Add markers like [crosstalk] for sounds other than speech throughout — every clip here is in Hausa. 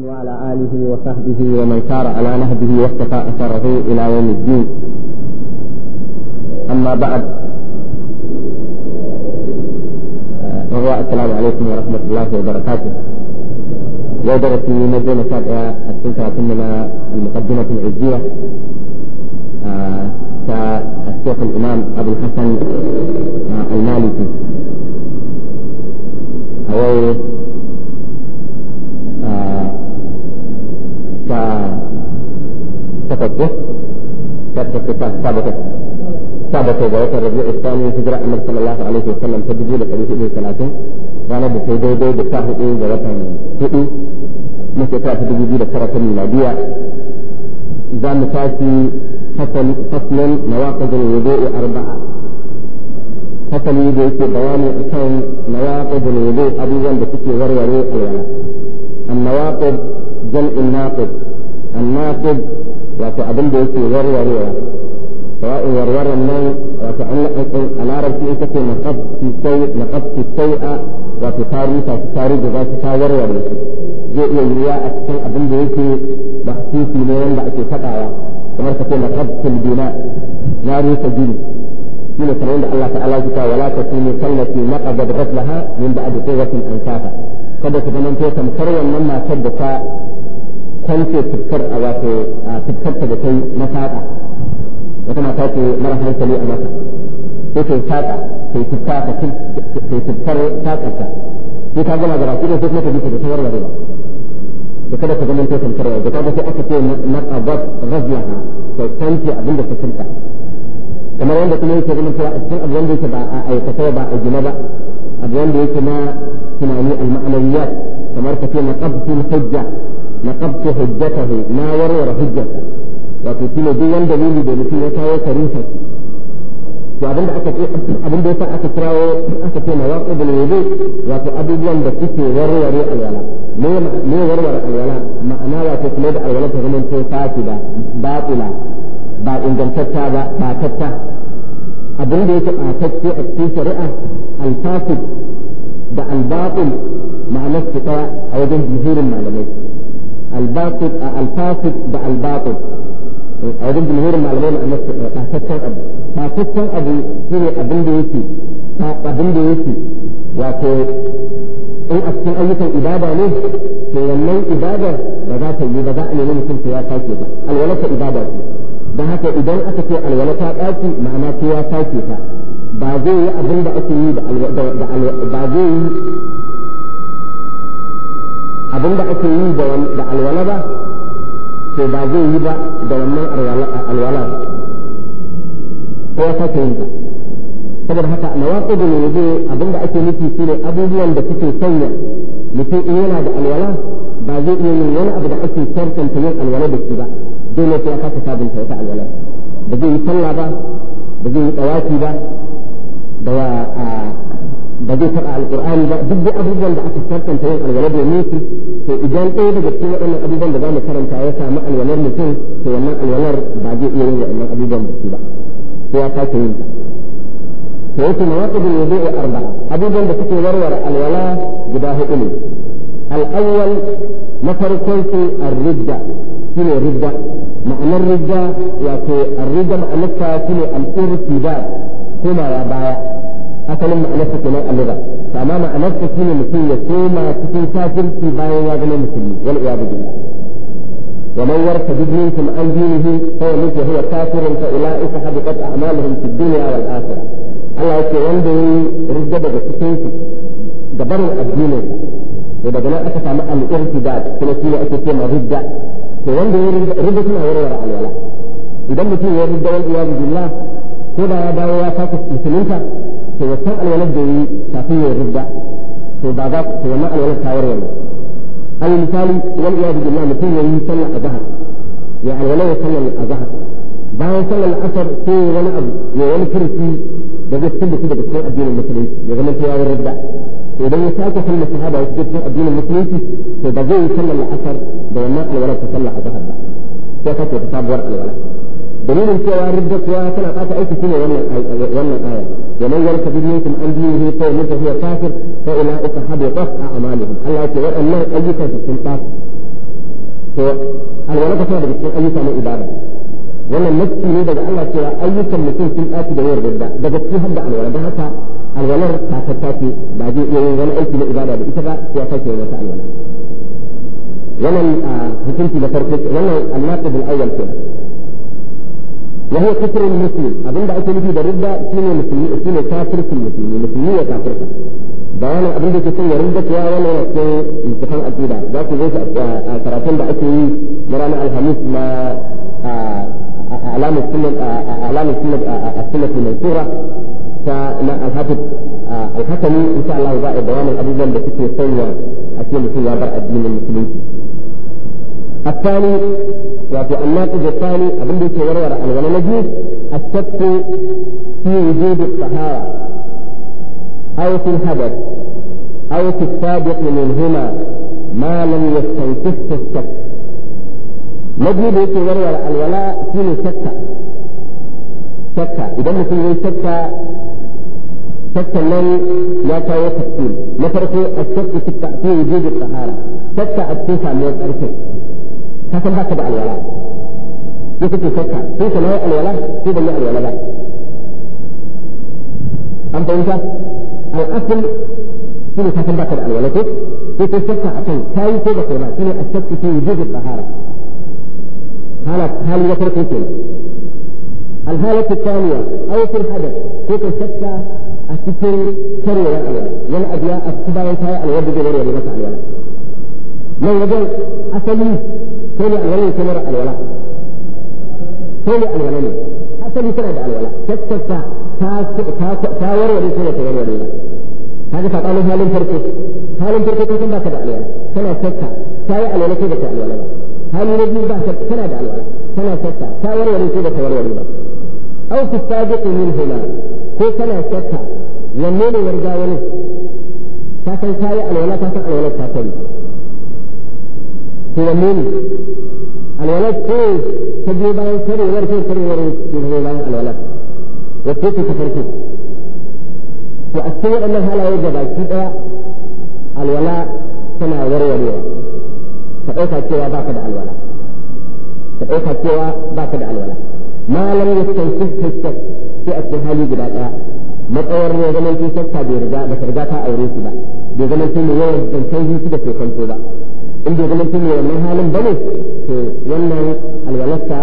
وعلى آله وصحبه ومن سار على نهجه واقتفى أثره إلى يوم الدين أما بعد آه، هو السلام عليكم ورحمة الله وبركاته يقدر في مجال مشاريع السلسلة كنا المقدمة العزية كالشيخ آه، الإمام أبو الحسن آه، المالكي أو ذكرت الكتاب سابقا سابقا الربيع الثاني هجرة صلى الله عليه وسلم ta ta dubu da tara ta miladiya za wato abin da yake warwarewa sawa'in warwaran nan wato an laƙaƙin a larabci ita ce naƙabtu sai'a wato ta rusa su ta rubuta su ta warware su zai iya yiwuwa a cikin abin da yake ba ne wanda ake faɗawa kamar ka ce naƙabtul bina na rusa gini shi ne kamar da Allah ta'ala ya ta wala ta kunu kallati naqadat ghaflaha min ba'd quwwatin ankafa kada ka zama to tamkar wannan matar da ta kwance tukkar a wato tukkarta da kai na saƙa wata mata ce mara hankali a masa sai ta saƙa sai tukka ka cin sai tukkar saƙarta sai ta gama gaba kuma sai kuma ta bisa da ta warware ba da kada ka zama tokan tarwa da kaga sai aka ce na qabat ghazlaha sai tanti abin da ta cinta kamar wanda kuma yake zama cewa a cikin abu wanda yake ba a aikata ba a gina ba abu wanda yake na tunani al-ma'anawiyat kamar ka ce na qabtul hujja نقبت حجته ما ورور حجته لكن في مدين دليل بلسي وكاية كريسة وابن دعك ابن دعك تتراو اكتب مواقب الوضوء وابن ابو بن دكت ورور الولا مو ورور الولا معناه وتسميد الولا تغنم في فاسدة باطلة بعد ان جمتتها باتتها ابن دعك اتتت اكتب شرئة الفاسد ده الباطل مع نفسك او ده جهور المعلمين الباطل الفاسد ده الباطل جمهور المعلمين أن فاسدتن أبو فاسدتن أبو شيء أبن ديتي أبن ديتي wato in a cikin ayyukan ibada ne to wannan ibada ba za ta yi ba za a nemi mutum ya ibada haka idan aka ce alwalata ɗaki ma'ana ta ya ta ba zai yi abin da ake yi da ba zai yi abin da ake yi da alwala ba to ba zai yi ba da wannan alwala ko ya sake yin saboda haka na nawaƙi da yanzu abin da ake nufi shi ne abubuwan da suke sanya mutum in yana da alwala ba zai iya yin wani abu da ake tarkanta yin alwala da shi ba dole sai ya kasa sabunta wata alwala ba zai yi sallah ba ba zai yi tsawaki ba da بدي تقع القرآن ده بدي أبدا ده أفكرت أن تقول الولد يميتي في إجان إيه بدي جبت لي أن أبدا ده قام كرم تعيسى مع الولد مثل في وما الولد بعدي إيه أن أبو بس بقى في أفاك في فيأتي مواقب الوضوء أربعة أبو ده تكي ورور الولاء جباه إلي الأول نفر كيف الردة كيف الردة معنى الردة يعني الردة معنى كيف الارتداد كما يا بايا asalin ma'anarsa kenan a lura to amma ma'anarsa shine mutum ya koma cikin kafirci bayan ya zama musulmi wal iyadu billah ومن يرتد منكم عن دينه فهو مثل هو كافر فاولئك حبطت اعمالهم في الدنيا والاخره. الله يقول وندي رجب بسكينك جبروا الدين وبدا ما اتى الارتداد ثلاثين اتى كما رده وندي رجب ما ورا على الولاء. اذا مثل يرد والعياذ بالله كذا يا داوي يا فاتس مسلمك هو كان الولد دوي كافية الردة هو بعضات هو ما الولد كاور يعني أي مثال والعياذ بالله مثل يصلى أزهر يعني ولا يصلى أزهر بعد صلى العصر في ولا أب ولا كرسي بدأ كل كده بس الدين المسلمين يغنى في أول الردة وده يسألك في المسهابة المسحابة وجدت الدين المسلمين فبدأ يصلى العصر بما الولد تصلى أزهر ده فتوى تصاب ورق الولد دليل الكوا ربك كوا كلا قاس أي كتير ولا ولا آية يوم يرك بيتم أنبيه طول متى هي كافر فإلى أصحاب يقف أعمالهم الله كوا الله أي كتير سلطان كوا الولد كفار بكتير أي كان إدارة ولا نفسي نبدا الله كوا أي كم نكون في الآت دوير بدا بدا فيها بدا الولد بها تا الولد كافر تاتي بعدي يوم ولا أي كتير إدارة بإتبع كوا كتير وسع الولد ولا نفسي آه، نفسي نفسي نفسي ولا الناقب الأول كده وهو كفر المسلم أبن دعوت نبي برده سنة مسلمين سنة كافر في المسلمين مسلمين وكافر بيان أبن دعوت سنة بردة يا ولا نسي امتحان أكيدا ذات ليش كراتين دعوتي مرانا الخميس ما آه، آه، أعلام السنة آه، أعلام السنة السنة المنصورة فما الحافظ الحكمي إن شاء الله يضاعف دوام الأبوبان بسكة سنة أكيد في وضع من المسلمين الثاني وفي يعني الناقض الثاني أبن بيت ورورة الولا نجيب الشك في وجود الطهارة أو في الحدث أو في السابق منهما ما لم يستنكفه الشك نجيب بيت ورورة الولا في سكة سكة إذا مثل سكة سكة من لا كاو تفصيل نفرق الشك في وجود الطهارة سكة التسع من الأركان لكن هكذا الولاء يجب يفكر في سماء الولاء في بناء الولاء أم بينك الأصل في تتذكر الولاء في تشك عشان كاي تذكر في الشك في وجود الطهارة هذا هل يترك فينا الحالة الثانية أو في الحدث في تشك التكون كروة الولاء والأدياء التباين كاي الوجود غير الولاء لو وجد أصلي كون أولين ثمر الولاء ثاني الغنم حتى بسند الولاء تكتب تاور ورسولة والوليلة هذا فقالوا هل فرقه هل فرقه كم باكد عليها سنة ستة تاوى الولاء كيف تاوى الولاء هل يجب باكد كما دعا الولاء كما تكتب تاور ورسولة والوليلة أو في السابق منهما هو كما تكتب يمين ورجاوله تاكن تاوى الولاء تاكن الولاء تاكن هو من الولد كيف تبني بقى يسري ورثي يسري ورثي بقى الولد وكيف تفرقه وأستوى أنها لا يوجد الشبع الولاء كما وري اليوم فأوفى سوى باقد على الولاء فأوفى سوى باقد على الولاء ما لم يستيقظ الشك في أسلها لي جبالها مطور من زمن في شك بيرجع بس رجعتها أو ريسبا بزمن في مليون جنسيه كده في خمسة in bai zama ne wannan halin ba ne to wannan alwalarsa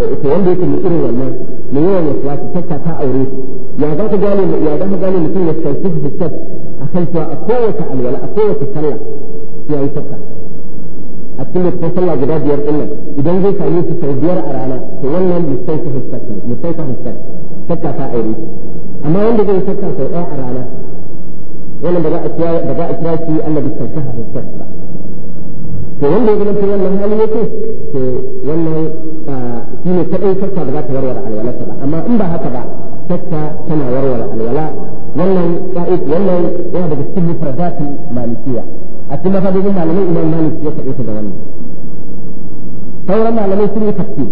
eh, to wanda yake irin wannan mai yawan wasu tatta ta aure ya za ka gane ya za ka gane mutum ya sauki fitar a kan cewa a kowace alwala a kowace sallah ya yi tatta a cikin da sallah guda biyar ɗin idan zai sami su sau biyar a rana to wannan mustaika hissar mustaika hissar tatta ta aure amma wanda zai tatta sau ɗaya a rana wannan ba za a kira shi annabi sauka hissar ba to wanda ya zama ta wannan hali yake to wannan ah, shi ne kaɗai sakka da za ta warware alwalarsa ba amma in ba haka ba sakka tana warware alwala wannan ka'id wannan yana daga cikin mufradati malikiya a cikin mafadodin malamai imam malik ya kaɗai ta da wannan sauran malamai sun yi tafsir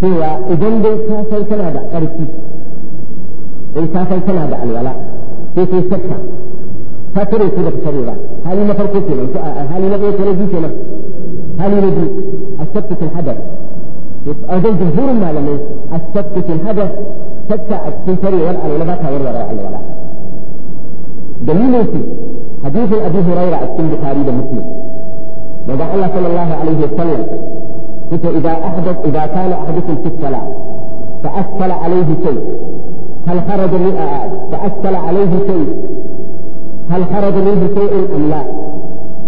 cewa idan dai ka san kana da ƙarfi in ka san kana da alwala sai sai sakka فترى كذا كثيرة هل نفرق كذا هل نبغي كذا جيشنا هل نبغي السبت الحدث أو جمهور المعلمين السبت الحدث شك السفر والأل ولا ولا الولاء دليل في حديث أبي هريرة البخاري ومسلم وضع الله صلى الله عليه وسلم إذا أحدث إذا كان أحدكم في الصلاة فأسفل عليه شيء هل خرج من آه، فأسفل عليه شيء هل خرج منه شيء أم لا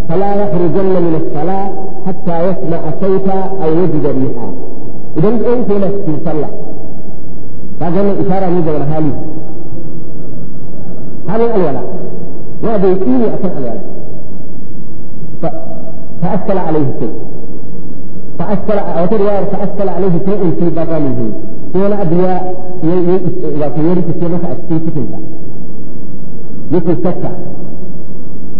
فلا يخرجن من الصلاة حتى يسمع صوتا أو يجد الريحة إذا أنت نفسي صلى هذا إشارة من دون هالي هذا الولاء لا بيكيني أكن الولاء فأثر عليه شيء فأثر أو ترى فأسكل عليه شيء في بطنه دون أدواء إذا يرث الشيء فأثر في yake sakka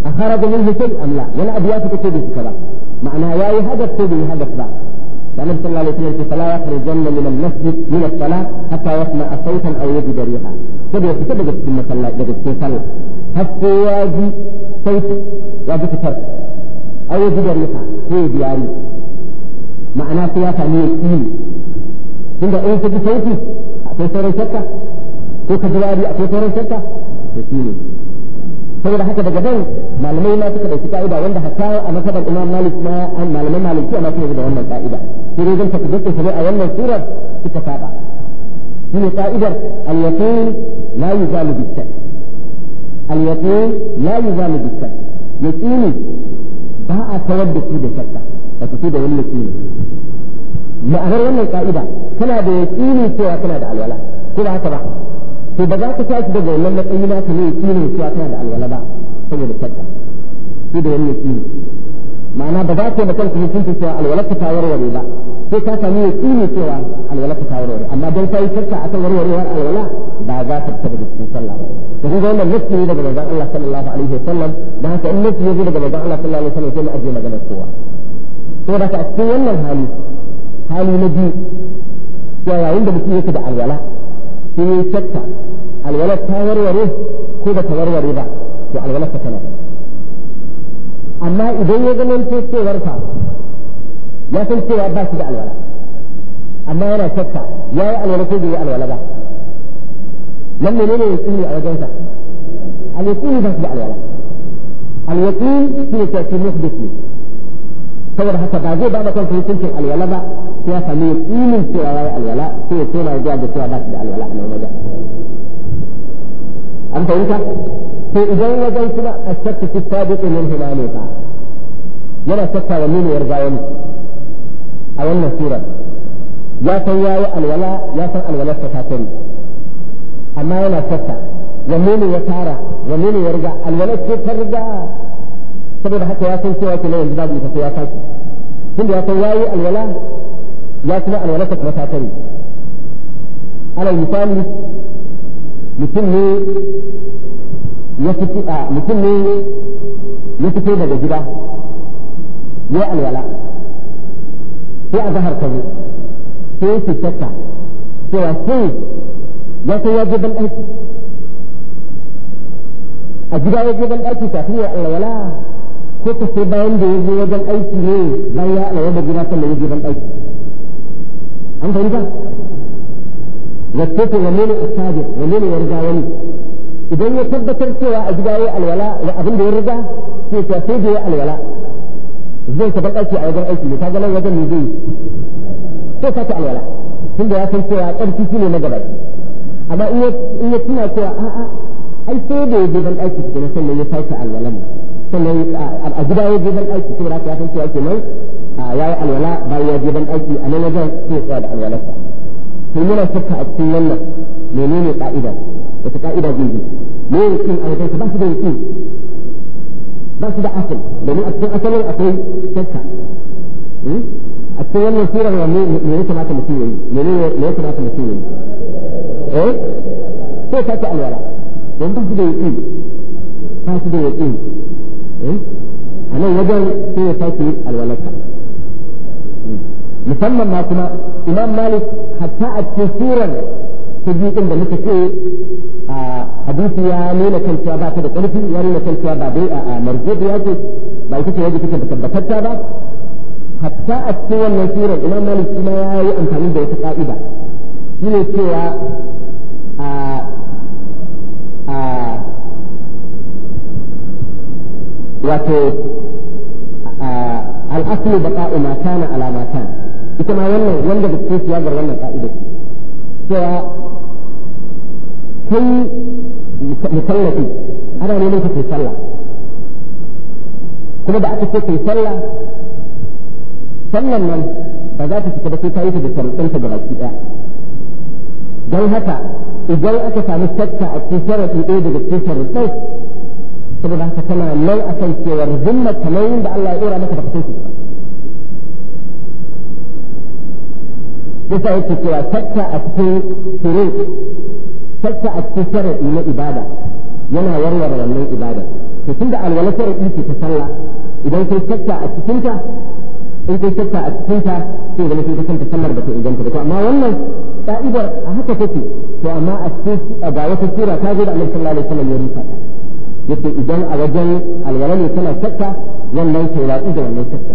a kharaja min hisab am la wala abiya ta ce bi ba ma'ana yayi hadaf ce bi hadaf ba dan sallallahu alaihi wa sallam ya janna min al-masjid min as-salat hatta yasma sawtan aw yajid riha sabu ya kitaba da cikin masallaci daga cikin sallah hatta yaji sauti yaji fitar aw yajid riha ko yaji ma'ana ko ya sami yakin tunda in ka ji sauti akwai sauran shakka ko ka ji wari akwai sauran shakka yakin ne saboda haka daga nan malamai ma suka dauki ka'ida wanda hatta a masabar imam malik ma an malamai maliki a suka da wannan ka'ida sai dai zan tafi su sai a wannan sura suka saba shine ka'idar al-yaqin la yuzalu bi-shak al-yaqin la yuzalu bi-shak yaqini ba a kawar da shi da shakka ba su da wani yaqini ma'anar wannan ka'ida kana da yaqini cewa kana da alwala ko ba haka ba to ba za ka tashi daga wannan matsayi na ka ne yakinin cewa kana da alwala ba saboda shakka shi da wani yakini ma'ana ba za ka da kanka hukunci cewa alwala ta warware ba sai ka sami yakini cewa alwala ta warware amma don yi kai shakka akan warwarewar alwala ba za ka fita daga cikin sallah ba kun ga wannan nufi ne daga manzon Allah sallallahu alaihi wa wasallam da haka in nufi ne daga manzon Allah sallallahu alaihi wasallam sai mu ajiye maganar kowa to da ka cikin wannan hali hali na biyu yayin da mutum yake da alwala sai ya shakka alwala ta warware ko ba ta warware ba to alwala ta tana amma idan ya zama ce cewar ya san cewa ba shi da alwala amma yana shakka ya yi alwala ko bai alwala ba nan ne ne ya tsini a wajensa al ba shi da alwala al-yaqin shi ne ke muhdith saboda haka ba zai ba da kansa hukuncin alwala ba ya sami yaqinin cewa ya yi alwala sai ya koma ya ga cewa ba da alwala a nan أنت فهمت؟ فإذا وجدت الشك في السابق منهما ميقع ولا شك هذا مين يرجع يمين أو المسيرة يا سياي الولاء يا سن الولاء تكاتل أما أنا شك ومين يسارة ومين يرجع الولاء كيف ترجع سبب حتى يا سن cewa kenan yanzu لك ita ya tashi tunda ya san يا alwala ya kuma على المثال mutum ne ya fito a mutum ne ya fito daga gida ya alwala sai a zahar ta zo sai ya shakka cewa sai ya kai ya je ban aiki a gida ya je ban ɗaki kafin ya alwala ko ta sai bayan da ya je wajen aiki ne bayan ya alwala da gida sannan ya je ban ɗaki an fahimta zattoto wanne ne asabi wanne ne ya riga wani idan ya tabbatar cewa a gida yayi alwala da abin da ya riga sai tafe da ya alwala zai taɓa aiki a wajen aiki ne ta ganin wajen ne zai sai sake alwala tunda ya san cewa ƙarfi shi ne na gaba amma in ya tuna cewa a'a ai sai da ya je ban aiki kuma sannan ya sake alwalan sannan a gida ya je ban aiki saboda ya san cewa ke kenan ya yi alwala bayan ya je ban aiki a nan wajen sai ya tsaya da alwalarsa sai muna shakka a cikin wannan menene ka'ida wata ka'ida zai bi ne yakin a wajen ba su da yakin ba su da asal domin a cikin asalin akwai shakka hmm? a cikin wannan surar wa ne ya kamata mutum yayi ne me ya kamata mutum yayi eh sai ka ta alwala don ba su da yakin ba su da yakin eh a nan wajen sai ya sake alwalarka musamman ma kuma imam malik hatta a cikin surar ta biyu da muka ce a hadisi ya nuna kan cewa ba ta da ƙarfi ya nuna kan cewa ba dai a marjebi da yake ba ita ce wajen take tabbatatta ba hatta a cikin wannan surar imam malik kuma ya yi amfani da wata shi ne cewa a a wato al'aslu baqa'u ma kana ala ma kana ita ma wannan wanda da ke siyagar wannan ka'ida cewa kai mu musallafi ana ne mun kai sallah kuma da aka ce kai sallah sallan nan ba za ta fita ba sai ta yi ta da ta gaba ki ɗaya don haka idan aka samu shakka a cikin sharaɗi ɗaya daga cikin sharuɗai saboda haka tana nan akan cewar zimmar kamar da Allah ya ɗora maka da ka san yasa yake cewa shakka a cikin shuru a cikin sharadi na ibada yana warware wannan ibada to tunda alwala sharadi ce ta sallah idan kai tatta a cikin ta in kai shakka a cikin ta sai kanta sallar da ta amma wannan ka'idar a haka take to amma a cikin ga wata sura ta zo da Annabi sallallahu alaihi wasallam ya rufa yace idan a wajen alwala ne kana tatta wannan sai da wannan tatta.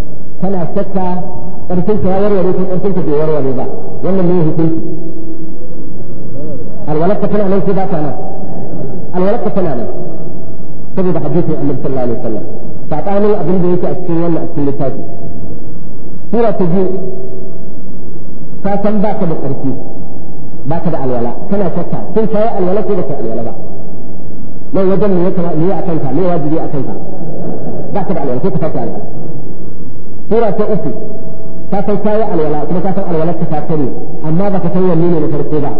tana shakka ƙarfin ya warware ko ƙarfin bai warware ba wannan ne hukunci alwalaka tana nan ko ba ta nan alwalaka tana nan saboda hadisin annabi sallallahu alaihi wasallam sabanin abin da yake a cikin wannan a cikin littafi sura ta biyu ta san ba ka da ƙarfi ba ka da alwala kana shakka sun shayi alwala ko ba ka alwala ba nan wajen ne ya kamata ne a kanka ne wajibi a kanka ba ka da alwala ko ka fata alwala sura ta uku ta san kayi alwala kuma ta san alwala ta ta kare amma ba ka san wanne ne na farko ba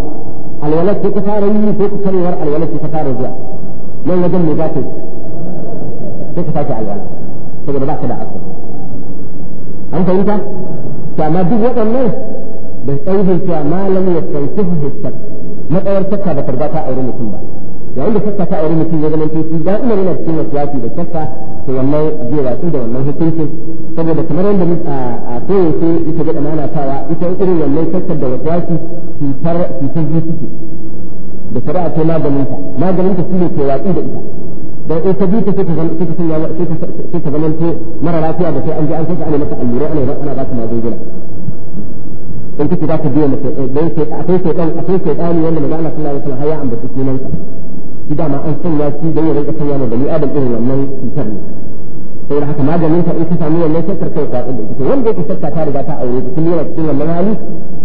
alwalar ce ta fara yi ko ta karewar alwalar ce ta fara zuwa nan wajen me za ta sai ka sake alwala saboda ba ka da asali an fahimta ta amma duk waɗannan da tsaidin cewa malam ya tsaidin hisab matsayar takka da ta riga ta aure mutum ba yayin da shakka ta aure mutum ya zama tusi da ina yana cikin wasiyasi da shakka to wannan zai watsi da wannan hukuncin saboda kamar yadda a koyaushe ita ga amana tawa ita irin wannan shakkar da wasiyasi cutar cutar zuciya da shari'a ce maganinta maganinta shine ke watsi da ita da in ta bita sai ta zama sai ta sanya sai ta zama to mara lafiya da sai an ji an kasa ana masa allura ana ana ba su magunguna in kike za ta biya mace eh, dai sai akwai sai dan akwai sai dan wanda manzo suna sallallahu alaihi wasallam har ya ambaci sunansa shi dama an sanya shi da ya rika sanya ma bani adam irin wannan cutar ne da haka maganin ka in ka samu wannan sakar kai ka da ita wanda yake sakka ta riga ta aure kuma yana cikin wannan hali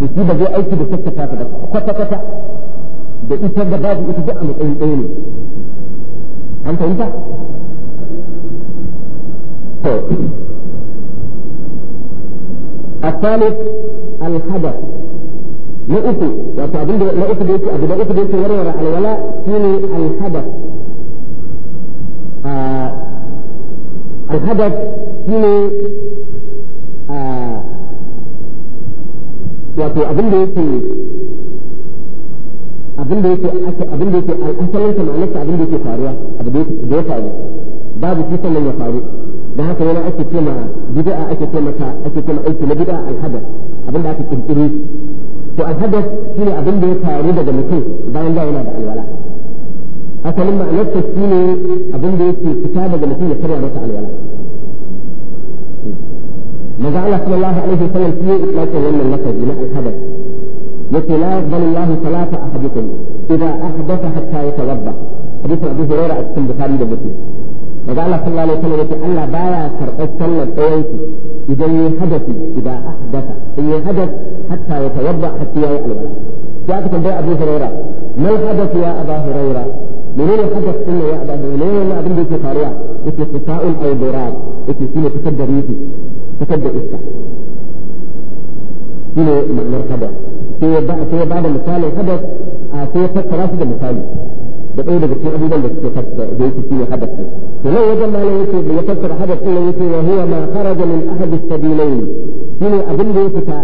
da shi ba zai aiki da sakka ta da kwata kwata da ita da babu ita duk a matsayin ɗaya ne an fahimta to الثالث الحدث na uku wato abin da na uku da yake abu uku da yake warware alwala shine alhadath ah, shine ah, wato abin da yake abin da yake abin da yake al'asalin ta ma'anar ta abin da yake faruwa abu da ya faru babu shi sannan ya faru da haka yana ake ce ma bid'a ake ce mata ake ce ma aiki na bid'a alhadath abin da aka kirkire to alhadas shi ne abin da ya faru daga mutum bayan da yana da alwala asalin ma'anarsa shi ne abin da yake fita daga mutum ya karya masa alwala maza Allah sallallahu alaihi wasallam shi ne itlaqin wannan lafazi na alhadas yake la yaqbalu Allah salata ahadikum idza ahdatha hatta yatawadda hadisin Abu Hurairah a cikin Bukhari da Muslim maza Allah sallallahu alaihi wa wasallam yake Allah baya karɓar sallar ɗayan idan ya hadasi idza ahdatha هي حدث حتى يتوضا حتى يألوى جاءت تنبيه ابو هريره ما الحدث يا ابا هريره؟ من هو الحدث قلنا يا ابا هريره؟ ليه ابن بيت قارئه؟ اتي قطاع او براد اتي سنه تكدر يدي تكدر اسكا سنه مرتبه في بعض مثال الحدث في فترة مثالي بقول لك في ابي في حدث ولو وجدنا على يوسف يفسر حدث الا يوسف وهو ما خرج من احد السبيلين في ابن يوسف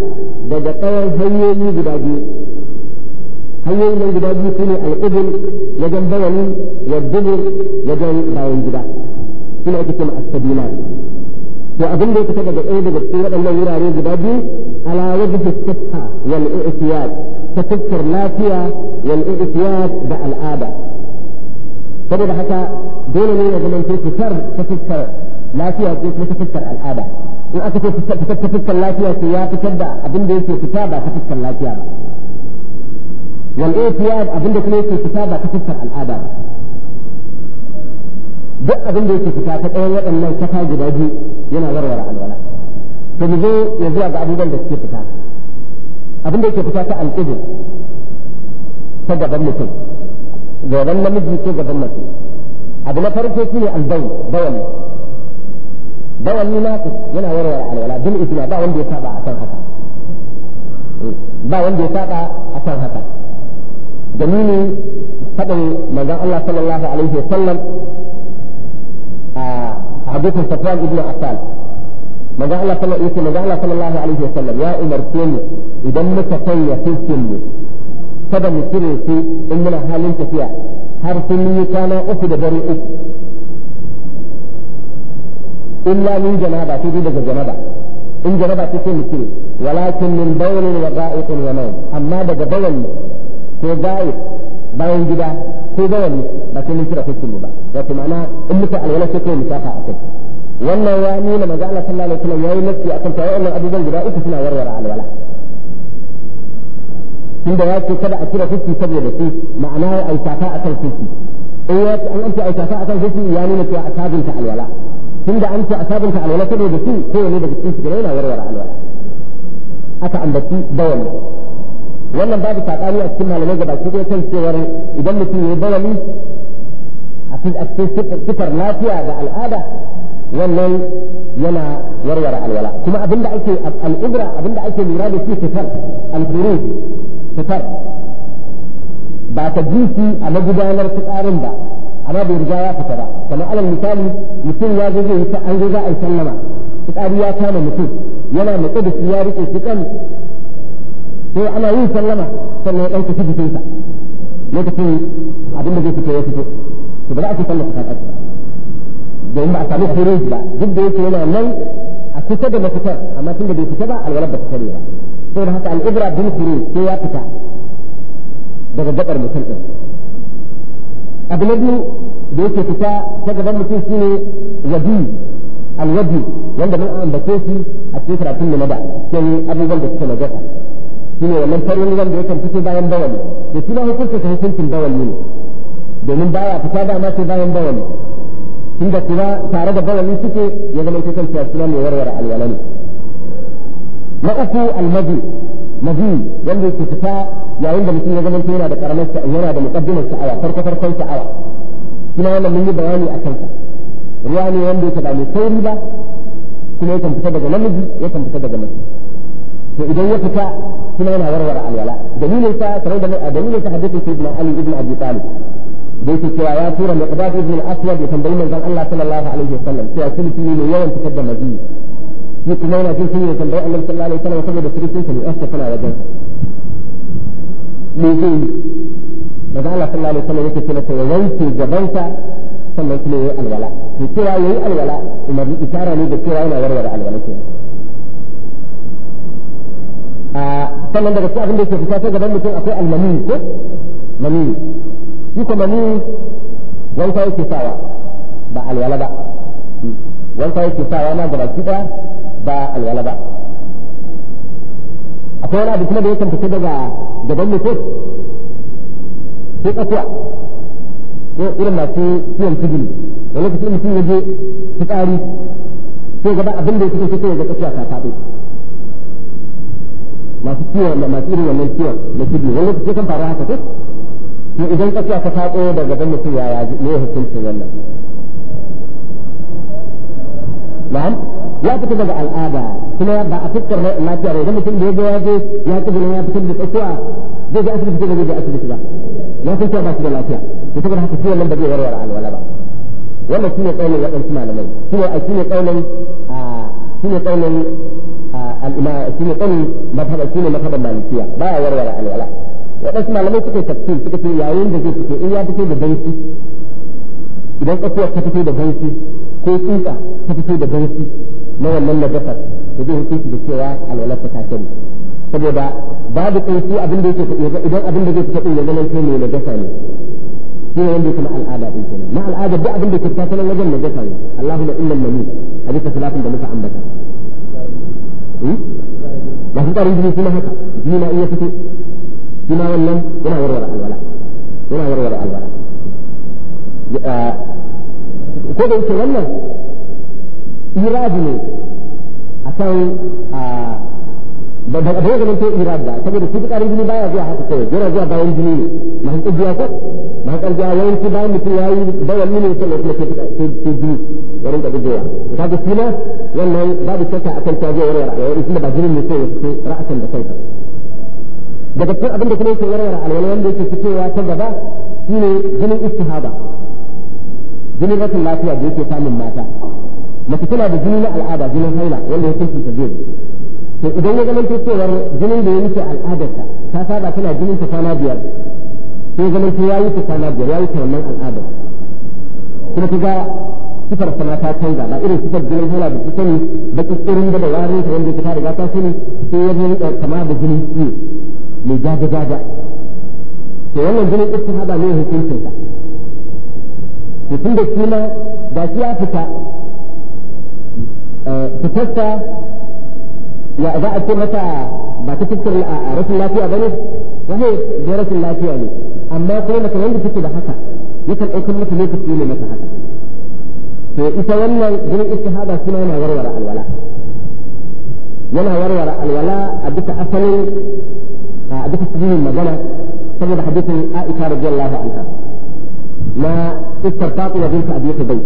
بدقا هيا يجبادي هيا يجبادي في الابل يجن بولي يدبر يجن باين جدا في الاجتماع السبيلان وأظن أنك تبدأ أيضا بالصورة أن الله يرى عليه بابي على وجه الصفحه والإئتياد فتذكر نافية والإئتياد بعد الآبة saboda haka dole ne ya zama ke fitar ta fuskar lafiya ko kuma ta fuskar al'ada in aka ce fitar ta fuskar lafiya ce ya fitar da abin da yake fita ba ta fuskar lafiya ba wal i'tiyad abin da kuma yake fita ba ta fuskar al'ada ba duk abin da yake fita ta ɗayan waɗannan kafa guda biyu yana warware alwala to mu zo ya zuwa ga abubuwan da suke fita abin da yake fita ta alƙibla ta gaban mutum gaban namiji ko gaban mace abu na farko ne albawl bawali bawali na yana warware alwala bil isma ba wanda ya saba a san haka eh, ba wanda ya saba a san haka dalili fadin manzon Allah sallallahu alaihi wasallam a hadisin Safwan ibn Affan manzon Allah sallallahu alaihi wasallam ya umarce ni idan muka sanya fiskin mu kada mu cire su in muna halin tafiya har sun yi kwana uku da dare uku illa min janaba sai daga janaba in janaba ta sai mu cire walakin min bawlin wa ga'iqin wa nawm amma daga bawli ko ga'iq bayan gida ko bawli ba sai mun cire fuskin mu ba wato ma'ana in muka alwala sai kai mu safa akai wannan ya nuna manzo Allah sallallahu alaihi wasallam yayi nasi akan tawayyun abubuwan guda uku suna warware alwala من دواك سبعة كلا فتي سبعة لتي معناه أي كفاءة الفتي إيه أنت أي كفاءة الفتي يعني أنت أصاب أنت على الولاء من دا أنت أصاب أنت على الولاء تبي بتي هو اللي بتي سجلنا ورا ورا على الولاء أتى عند بتي دوام ولا بعد تعاني أكتم على نجد أكتم يا تنسي ورا إذا متي دوام أكيد أكتم سفر لا في هذا الأدا ولا ينا ورا ورا على الولاء ثم أبدا أكتم الإبرة أبدا أكتم مراد فيه سفر الفروض fitar ba ta ji a magudanar fitsarin ba amma bai riga ya fita ba kamar alal misali mutum ya zo zai yi an zo za a yi sallama fitsari ya kama mutum yana matsa da shi ya rike fitan sai ana yin sallama sannan ya ɗan kashi jikinsa lokacin abin da zai fito ya fito to ba za a fi sallama fitar ba domin ba a samu khuruj ba duk da yake yana nan a fita da mafitar amma tun da bai fita ba alwalar ba ta tare ba sai da haka al'ibra bil fure sai ya fita daga gabar mutum din abu na biyu da yake fita ta gaban mutum shine wadi alwadi wanda mun ambace shi a cikin karatun mu na da sai abubuwan da suke najasa shine wannan farin ruwan da yakan fito bayan bawali da shi ma hukunta ta hukuncin bawali ne domin baya fita da ma sai bayan bawali inda kuma tare da bawali suke ya zama ta kanta mai warware alwala ne na uku almazi mazi wanda yake fita yayin da mutum ya zama yana da karamar yana da muqaddimar sha'awa farko farkon sha'awa kuma wannan mun yi bayani a kansa ruwa ne wanda yake ba mai sauri ba kuma yakan fita daga namiji yakan fita daga mace to idan ya fita kuma yana warware alwala dalilin sa tare da dalilin sa hadisin sayyidina ali ibn abi talib da yake cewa ya tura miqdad ibn al-aswad ya tambayi manzon Allah sallallahu alaihi wasallam cewa ne yawan fitar da mazi يتمنى في سنة النبي صلى الله عليه وسلم وصلى بسرية سنة أستقل على جنة ليزين ماذا الله صلى الله عليه وسلم يكي سنة وويت جبنك ثم يتلي الولاء يتوى يهي الولاء وما بإشارة لي بكرة وما يرور الولاء سنة آه، ثم عندما تقول أغنى في حساسة جبن مثل أقول المميز مميز يكو مميز وانتا يكي سوا بقى الولاء بقى وانتا يكي سوا ما جبن كده ba alwala ba akwai wani abu kuma da ya fita daga gaban mutum ko tsakuwa ko irin masu ciwon sigiri da lokacin mutum ya je fitsari ko gaba abin da ya fito fito ga tsakuwa ta faɗo masu ciwon masu irin wannan ciwon na sigiri wani lokaci kan faru haka ko to idan tsakuwa ta faɗo da gaban mutum ya yi ne hukuncin wannan na'am ya fita daga al'ada kuma ba a fitar lafiya ba idan mutum da ya ga ya je ya ci gina ya fitar da tsakuwa zai je asibiti zai je asibiti ba ya san cewa ba su da lafiya to saboda haka ciwon nan ba zai warware alwala ba wannan shine kaulin waɗansu malamai shine a shine kaunin a shine kaulin al-imam shine kaulin madhhab shine madhhab malikiya baya warware alwala waɗansu malamai suka yi tafsir suka ce yayin da zai fito in ya fito da banki idan tsakuwar ta fito da banki ko tsuka ta fito da banki na wannan najasar to zai hukunci da cewa alwalar ta kafiri saboda babu kai abin da yake idan abin da zai fita din ya zama sai mai najasa ne shi ne wanda yake na al'ada din kenan na al'ada duk abin da ke fita nan wajen najasa ne Allahu la illal mani a bisa salafin da muka ambata masu hmm? tsarin jini kuma haka jini na iya fito shi ma wannan yana warware alwala yana warware alwala eh, ko da yake wannan iradi ne akan da da da zama to irad da saboda shi karin jini baya zuwa haka kawai yana zuwa bayan jini ne masu tsajiya ko masu tsajiya yawanci bayan mutum ya yi bayan nuna sai da kuma sai jini ya rinka gujewa ta ga suna wannan babu shakka akan ta zuwa warware alwala inda ba jinin ne sai ya fito ra'asan da kanka daga cikin abin da kuma yake warware alwala wanda yake fitowa ta gaba shine jinin istihaba jinin rashin lafiya da yake samun mata mace tana da jini na al'ada jinin haila wanda ya kunshi zai to idan ya zamanto cewar jinin da ya nufi al'adarta ta saba tana jinin ta kwana biyar sai ta ya ta kwana biyar ya ta wannan al'adar kuma ta ga sifar sama ta canza ba irin sifar jinin haila da ta sani da tsirin da da warin ta wanda ta riga ta sani sai ya zo kama da jinin ciwo mai jaja jaja to wannan jinin haɗa ne ya sa to tun da shi ma da shi ya fita fitarsa ya za a ce mata ba ta fitar a rashin lafiya ba ne wahai da rashin lafiya ne amma kuma mata wanda take da haka yakan ɗaukar mata lokaci ne mata haka to ita wannan jinin istihada suna yana warware alwala yana warware alwala a duka asalin a duka sirrin magana saboda hadisin Aisha radiyallahu anha ma istarfaqu wa bint abi Hubayb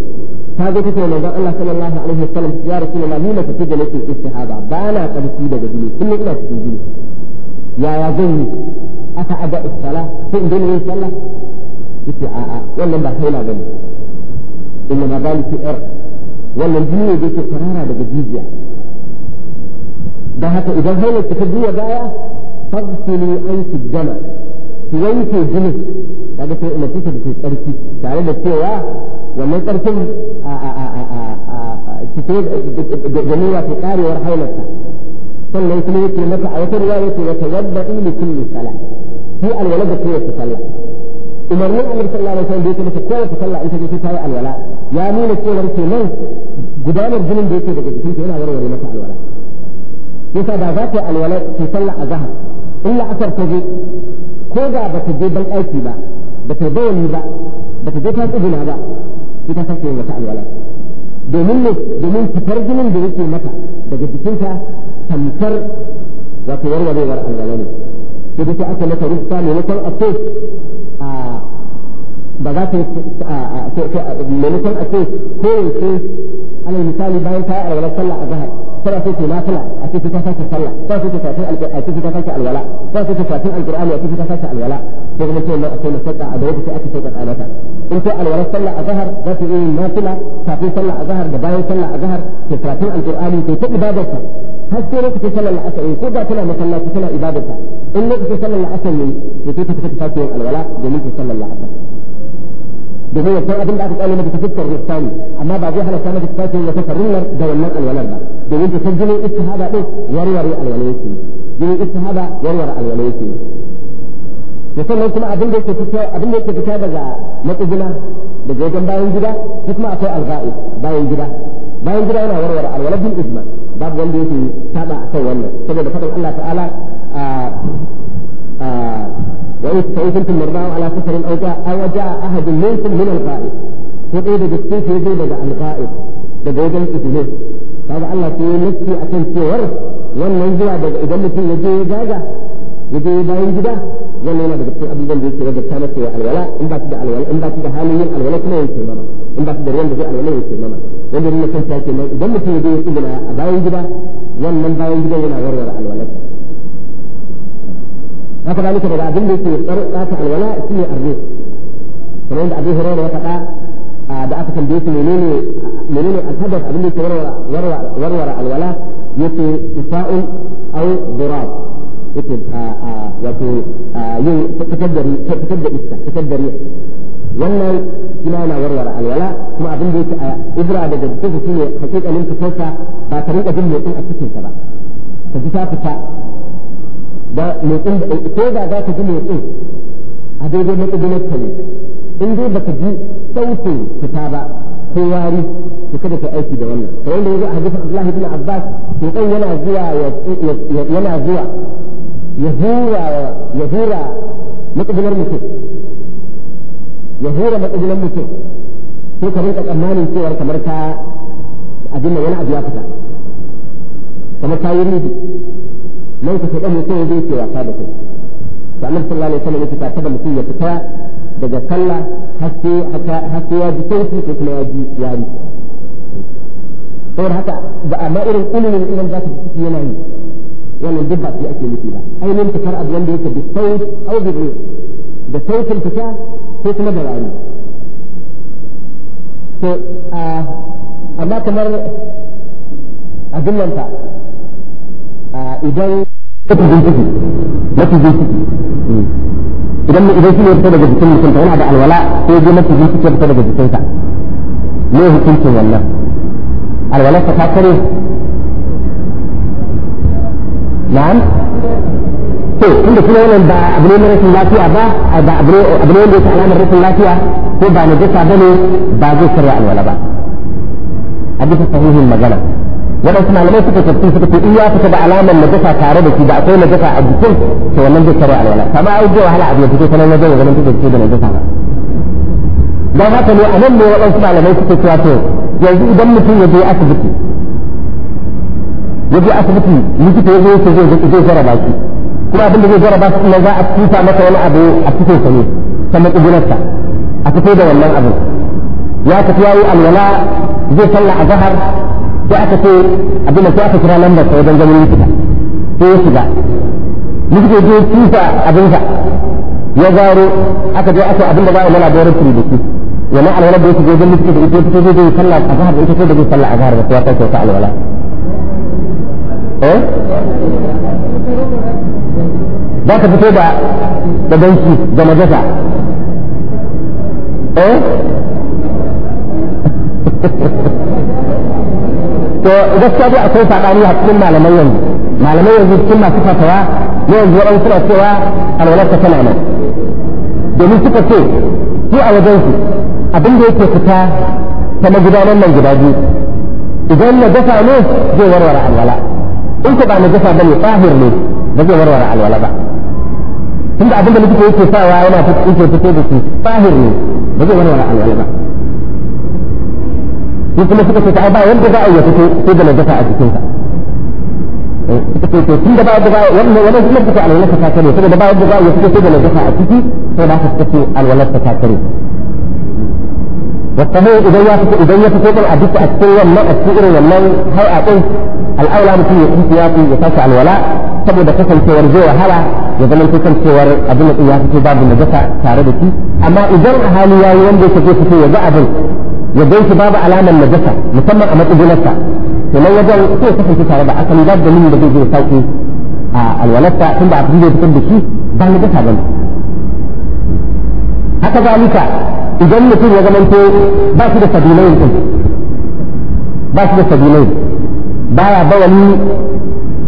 ta zo take manzon Allah sallallahu alaihi wa sallam ya rasulullah ni na tafi da nake istihaba ba na tsarki daga jini kullum ina cikin jini yaya zan yi aka aga istala sai in dole yin sallah yace a'a wannan ba haila bane inna ma zalika ir wannan jini ne da yake tarara daga jijiya dan haka idan haila ta juya baya fagsilu anki dama ki wanke jinin kaga sai ina fita da tsarki tare da cewa ولا انت رسم جميع فقاري ورحولك صلى يتلوه في المسعى وترواية وتوبئي لكل صلاة هي الولادة هي تصلى امرني امر صلى الله عليه وسلم بيته لك كوة تصلى انت جيسي صلى الولاء يا مين السوء ورسي من قدام الجنين بيته لك في سينا وروا لمسعى الولاء يسعى ذاته الولاء تصلى ذهب إلا أثر تجي كوغا بتجيب الأيتي با بتجيب الأيتي با بتجيب الأيتي با ita take mata alwala domin ne domin fitar jinin da yake mata daga jikinta tamkar wato warwarewar alwala ne sai da aka mata rufta maimakon a ba za ta maimakon a ce kowace alal misali bayan ta alwala sallah a zahar tana so ke nafila a ce ta sake sallah ta so ta kafin a ce ta sake alwala ta so ta kafin alqur'ani a ce ta sake alwala ko kuma ce wannan akwai nasaka a da wata ce aka sauka tsanata in ta alwala sallah a zahar za ta yi nafila kafin sallah a zahar da bayan sallah a zahar ta kafin alqur'ani ta ta ibadarta har sai lokacin sallar la'asar ko da tana masallaci tana ibadarta in lokacin sallar la'asar ne ta ta ta sake alwala domin ta sallar la'asar domin ya san abin da aka kyale mata ta fuskar ristani amma ba zai halasta mata ta ce wata farillar da wannan alwalar ba domin ta san jinin istihada din warware alwala yake jinin istihada warware alwala yake ya san kuma abin da yake fita abin da yake fita daga matsuguna daga wajen bayan gida shi kuma akwai alba'i bayan gida bayan gida yana warware alwala bin isma babu wanda yake saba akan wannan saboda fadin Allah ta'ala a وإذ سيزلت المرضى على سفر أو جاء أو جاء أحد منكم من الغائب فقيد بسيط يزي بدا الغائب دقوجا إذنه فهذا الله في نفسي أكن في ورس وننزل عدد إذن في نجي إجاجة يجي إباين جدا يعني أنا بقبت أبي جنب يجي رجل سامة في الولاء إن بات جاء الولاء إن بات جاء هاليين الولاء كما ينسي ماما إن بات جاء ريان بجاء الولاء ينسي ماما يجي رجل سامة في الولاء إذن في نجي إجاجة إباين جدا ينن باين جدا ينا ورور الولاء haka da muke daga abin da yake tsarkaka alwala shine arzu kamar yadda abin hurairah ya faɗa da aka tambaye shi menene menene alhadar abin da yake warware alwala yake ifa'un au durab yake wato yin fitar da iska fitar da riya wannan shi na warware alwala kuma abin da yake a ibra daga cikin shine hakikalin fitarsa ba ta rinka jin motsin a cikinsa ba ka ji ta fita da motsin da ko da za ka ji motsin a daidai matsugunar ta ne in dai ka ji sautin fita ba ko wari to kada ka aiki da wannan kamar da yanzu a hadisin Abdullahi bin Abbas to dan yana zuwa yana zuwa ya hura ya hura matsugunar mutum ya hura matsugunar mutum sai ka rinka tsammanin cewar kamar ta abin da wani abu ya fita kamar ta yi rufi من كسر أمي كل بيتي وأصحابه فأمر صلى الله عليه وسلم إذا كتب مسيح يتكا بجا صلى حتى حتى يجي توفي في كل يجي يعني طور طيب حتى ما إرن كل من إلى ذات بسيطي ينعي يعني الدبع في أكل مسيحة أي من تكر أبيان بيك بالصوت أو بالغير بالصوت التكا في كل مدى العلم فأما تمر أدلن تعالى idan matijin ciki matijin ciki idan idan shi ne fita daga jikin mutum ta yana da alwala ko ya je matijin ciki ya fita daga jikinsa me hukuncin wannan alwala ta kare nan to inda kuma wannan ba abu ne na rashin lafiya ba ba abu ne abu ne wanda yake alamar rashin lafiya ko ba na najasa bane ba zai karya alwala ba a bisa sahihin magana waɗansu malamai suka tafi suka ce in ya fita da alamar najasa tare da shi da akwai najasa a jikin to wannan zai kare alwala kama ai zai wahala abu ya fito sanan wajen ganin take fito da najasa ba don haka ne a nan ne waɗansu malamai suka cewa to yanzu idan mutum ya je asibiti ya je asibiti likita ya zo ya ce zai jaraba shi kuma abin da zai jaraba shi kuma za a tuta masa wani abu a cikin sa ne ta matsugunarsa a fito da wannan abu ya tafi yayi alwala zai salla a zahar sai aka ce abin da sai aka kira lambar sai wajen ganin likita sai ya shiga likita je tufa abinsa ya gano aka je aka abin da ba a mana da rufin da shi yana alwala da yake je wajen likita da ita ta je zai sallah a zahar da ita ko da zai sallah a zahar da ya kai ta alwala eh za ka fito da da danki da najasa eh [laughs] to gaskiya dai akwai sabani a cikin malamai yanzu malamai yanzu cikin masu fatawa ne yanzu ran suna cewa alwalarka tana nan domin suka ce su a wajen su abin da yake fita ta magudanar nan gida biyu idan na dafa ne zai warware alwala in ka ba na dafa bane tsahir ne ba zai warware alwala ba tunda abin da likita yake sawa yana fito yake fito da shi tsahir ne ba zai warware alwala ba su kuma suka ce ta ba wanda za a yi fito sai da najasa a cikin sa eh, suka ce tun da ba a wannan wannan kuma suka alwala ta kare saboda ba wanda za a yi fito sai da najasa a ciki sai da suka ce alwala ta kare والطهور إذا يفك إذا يفك يقول ya أكثر ولا أكثر ولا هاي أقول الأولى مثل احتياطي يتسع الولاء تبو ده كسل سور جو هلا يزمن كسل سور أبنك إياه في باب النجسة تاردتي أما إذا أهالي يا يوم دي سجيسة يزا أبنك ya ganki babu alamar najasa musamman a matsugunarsa to nan wajen sai kasance tare da asali babu dalilin da zai zo sauki a alwalarsa tun abin a ya fitar da shi ba najasa ne. haka zalika idan mutum ya zamanto ba su da sabinai din ba su da sabilai baya bawani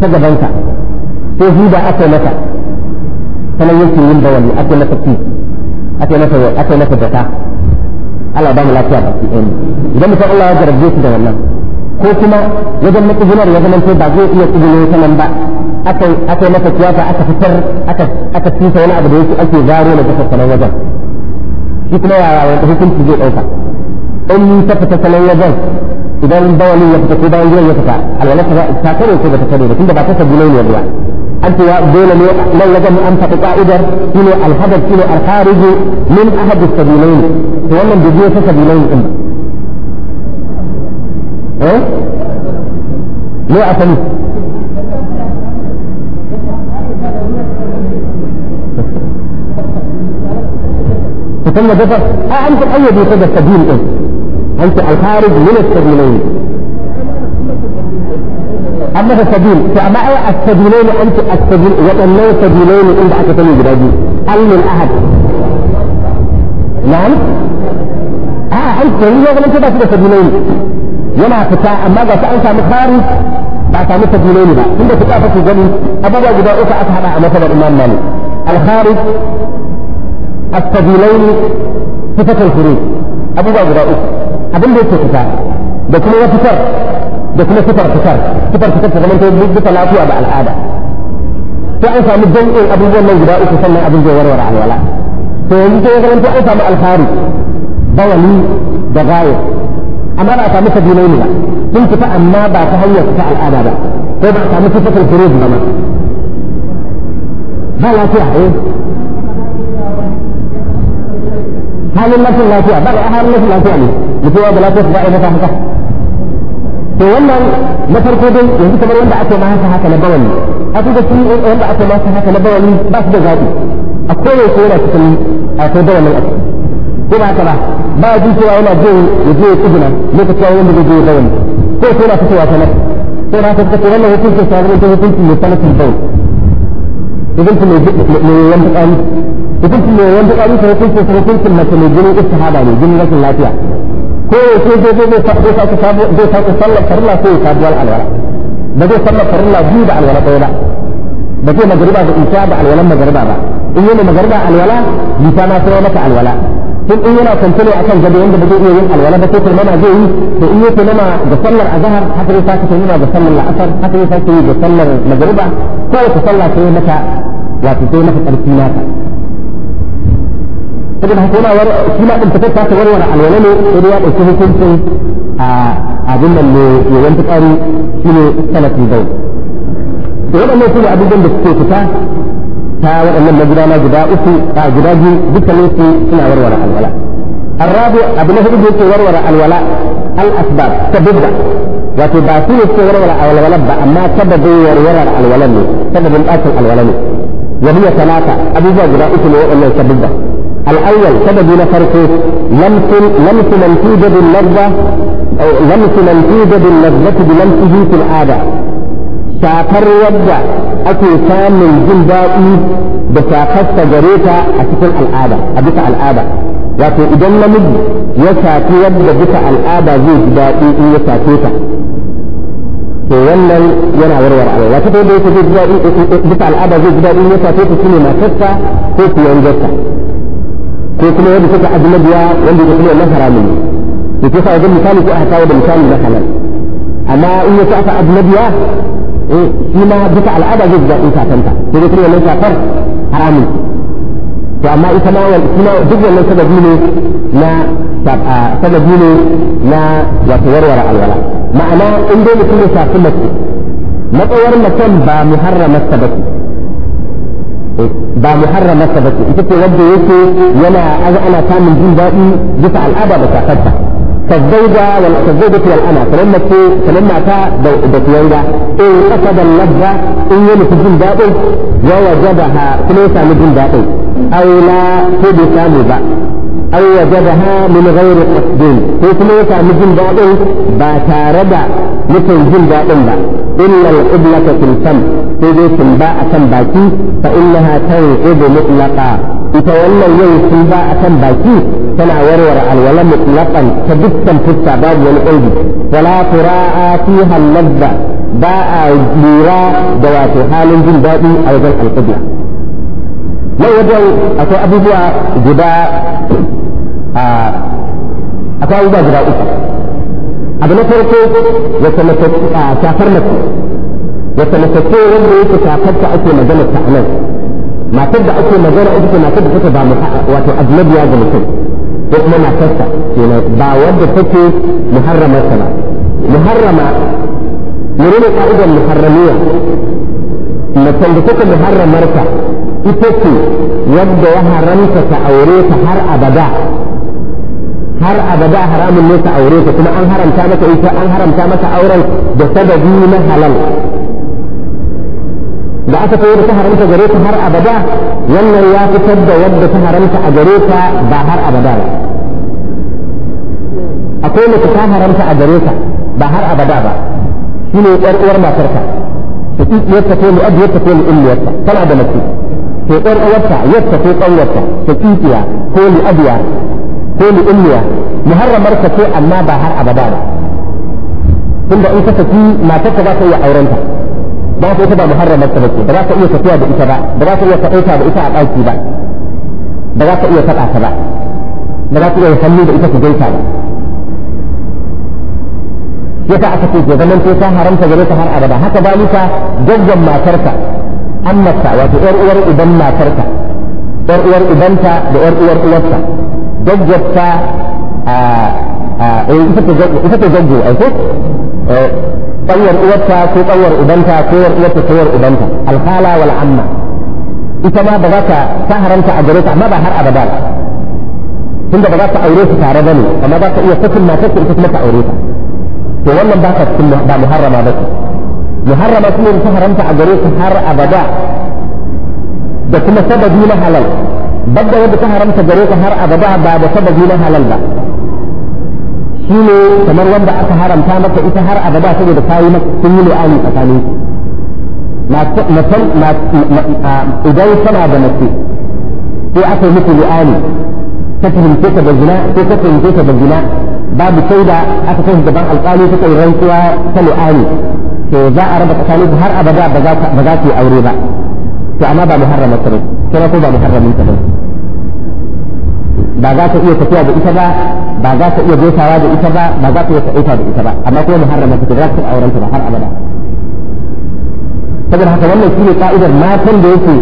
ta gabansa ko huda aka mata sanan yake yin bawani aka mata ki aka mata aka mata data Allah ba mu lafiya baki ɗaya idan mutum Allah ya jarabe su da wannan ko kuma wajen matsugunar ya zama ba zai iya tsugunar ta nan ba aka aka masa tiyata aka fitar aka aka fita wani abu da yake ake zaro na gasa sanan wajen shi kuma yara wanda hukunci zai ɗauka in yi ta fita sanan wajen idan bawani ya fita ko bayan gidan ya fita alwalar ta kare ko ba ta kare ba tunda ba ta sabu ne zuwa أنت يا لو لو يجب أن تقطع إذا كله الهدف كله الخارج من أحد السبيلين فهنا بجوة سبيلين إما إيه؟ ها؟ ليه أسمي؟ فتنى جفر آه، أنت أيضي كده السبيل أنت. إيه؟ أنت الخارج من السبيلين أما السبيل فأما أي السبيلين أنت السبيل وأما السبيلين أنت أكتني جبادي أي من أحد نعم آه أنت سبيل وأنا كده كده سبيلين yana fita amma ga ta an samu kharij ba samu sabilai ba tunda fita fa ku gani abubuwa guda uku aka hada a masabar imam malik al kharij as-sabilain fitatul khuruj abubuwa guda uku abin da yake fita da kuma ya fitar da kuma sifar fitar sifar fitar ta zama ta duka lafiya da al'ada sai an samu jam'in abubuwan nan guda uku sannan abin zai warware alwala to yanzu sai ya zama an samu alfari bawali da gaya amma ba a samu kabilai ne ba sun fita amma ba ta hanyar ta al'ada ba ko ba a samu sifatar furuj ba ma ba lafiya eh halin lafiya lafiya ba halin lafiya ne mutum da lafiya ba a yi mata haka to wannan na farko dai yanzu kamar wanda ake ma haka haka na bawali akwai da shi wanda ake ma haka na bawali ba su da zaɓi a kowai ko yana cikin akwai bawalin a ko ba haka ba ba ya jin cewa yana jin ya je ya tsuguna lokacin wani da zai je bawali ko ko yana fitowa ta nan ko na ta kace wannan hukuncin ta zama hukuncin mai sanatin bawali hukuncin mai wanda ƙari hukuncin mai wanda ƙari ta hukuncin ta hukuncin mace mai jinin istihada ne jinin rashin lafiya ko ko ko ko zai sako sako sabo zai sako sallar farilla ko sabuwar alwala ba zai sallar farilla biyu da alwala ɗaya ba ba zai magariba da isha da alwalan magariba ba in yana magariba alwala bisa na sai maka alwala tun in yana kwantalo akan gado da ba zai iya yin alwala ba sai kalmana zai yi to in yake nama ga sallar azhar haka zai sake nuna da sallar la'asar haka zai sake yi ga sallar magariba ko ka sallah sai maka wato sai maka ƙarfi naka idan haka yana war kila din fitar ta warware alwalalo sai ya dauki hukuncin a abin nan ne yawan tsari shine salafi bai to wadannan su ne abubuwan da suke fita ta waɗannan magudana guda uku a guda biyu dukkanin su suna warware alwala الرابع أبو له إبن ورور الولاء الأسباب تبدأ وتباسين ورور الولاء أما سبب ورور الولاء سبب الأصل الولاء وهي ثلاثة أبو جاء إبن ورور الولاء تبدأ الاول سبب لفرقه لمس لمس من توجد اللذة او لمس من توجد اللذة بلمسه في العادة شاكر يبدا اكو كان من جلداء بشاكر سجريتا اتكل العادة ابتع العادة لكن اذا لم يشاك يبدا بتع العادة زي جداء يشاكيتا wannan yana warwar alwa ta dai da yake jidadi da ta al'ada zai jidadi ne ta ce ta ne ma ta ko kuwa jidda ko kuma wanda suka ajnabiya wanda da kuma wannan haramun ne da ke sa wajen misali ko aka kawo da misali na halal amma in ya aka ajnabiya eh, shi ma duka al'ada zai zaɓi kakanta sai dai kuma wannan kakar haramun to amma ita ma duk wannan sababi ne na sababi ne na wato warware alwala ma'ana in dai mutum ya shafi mace matsawar mutum ba muharramarsa ba ce ba muharrama sa ba ce ita ce wanda yake yana ana samun jin daɗi bisa al'ada da kakarta tazzauja wal tazzauja fi al ana kamar mace kamar mata da da tuwanga in kasa da ladda in yana fi jin daɗi ya wajaba ha kuma sami samu jin daɗi ko bai samu ba أو وجدها من غير قصد كما يسعى مجن بعضهم باتارد مثل جن أدن إلا القبلة في الفم تجي سنباء باكي فإنها تنعب مطلقا يتولى اليوم سنباء باكي تنا ورور الولا مطلقا تجد في السعباد والقلب ولا تراعى فيها اللذة باء لورا دوات حال جن بعضي أو ذلك القبلة لو يدعو أتو أبوها جباء akwai abubuwa guda uku abu na farko wata shafar mace wata mace wanda yake shafar ta ake magana ta nan matar da ake magana ita ce matar da take ba wato ajnabiya ga mutum ko kuma matarsa kenan ba wadda take muharramarsa ba muharrama menene ka'idar muharramiya macen da take muharramarta ita ce wanda ya haramta ta aure ta har abada har abada haramun ne ka aure ta kuma an haramta maka ita an haramta maka auren da sababi na halal da aka kai da ta haramta gare ta har abada wannan ya fitar da yadda ta haramta a gare ta ba har abada ba akwai mace ta haramta a gare ta ba har abada ba shine yar uwar matarka yadda ta mu yadda ta mu ummiyarta tana da mace ta yar uwarta yadda ta kanwarta ta kikiya ko li'abiya ko li'ummiya muharramar ka ce amma ba har abada ba tunda in ka saki matar ka za ta iya aurenta ba ta ita ba muharramar ka bace ba za ka iya tafiya da ita ba ba za ka iya taɓaita da ita a ɗaki ba ba za ka iya taɓa ta ba ba za ka iya hannu da ita ku gaita ba yasa aka ce ke zaman ta haramta gare ta har abada haka zalika gaggan matarka annabta wato ƴar uwar uban matarka ƴar uwar ubanta da ƴar uwar uwarta. gaggasta eh, ita ta gaggo aiko ƙanwar uwarta ko ƙanwar ubanta ko yar uwarta ko yar ubanta alhala wal amma ita ma ba za ta ta haramta a gare ta amma ba har abada tunda ba za ta aure su tare ba ne amma za ta iya sakin matar ita kuma ta aure ta to wannan ba ta cikin ba muharrama ba ce muharrama su ne ta haramta a gare su har abada da kuma sababi na halal بدا يد كهرمت جريك هر ابدا بعد سبب الى هلال بعد شيلو كمر وندا اتهرم تامك ايت هر ابدا سبب تايمك شيلو اني اتاني ما مثل ما اذا يسمع بنفسي في اكل مثل اني تكلم كيف بالزنا تكلم كيف بالزنا باب سيدا اتكلم بدا القالي تكلم رنكوا تلو اني كي ذا اربط هر ابدا بذاتي اوريبا كي اما بعد السبب كي اقول بعد السبب ba za ka iya tafiya da ita ba ba za ka iya gosawa da ita ba ba za ka iya kaɗaita da ita ba amma kuma muharrama ta za ka auren ta ba har abada saboda haka wannan shine ka'idar matan da yake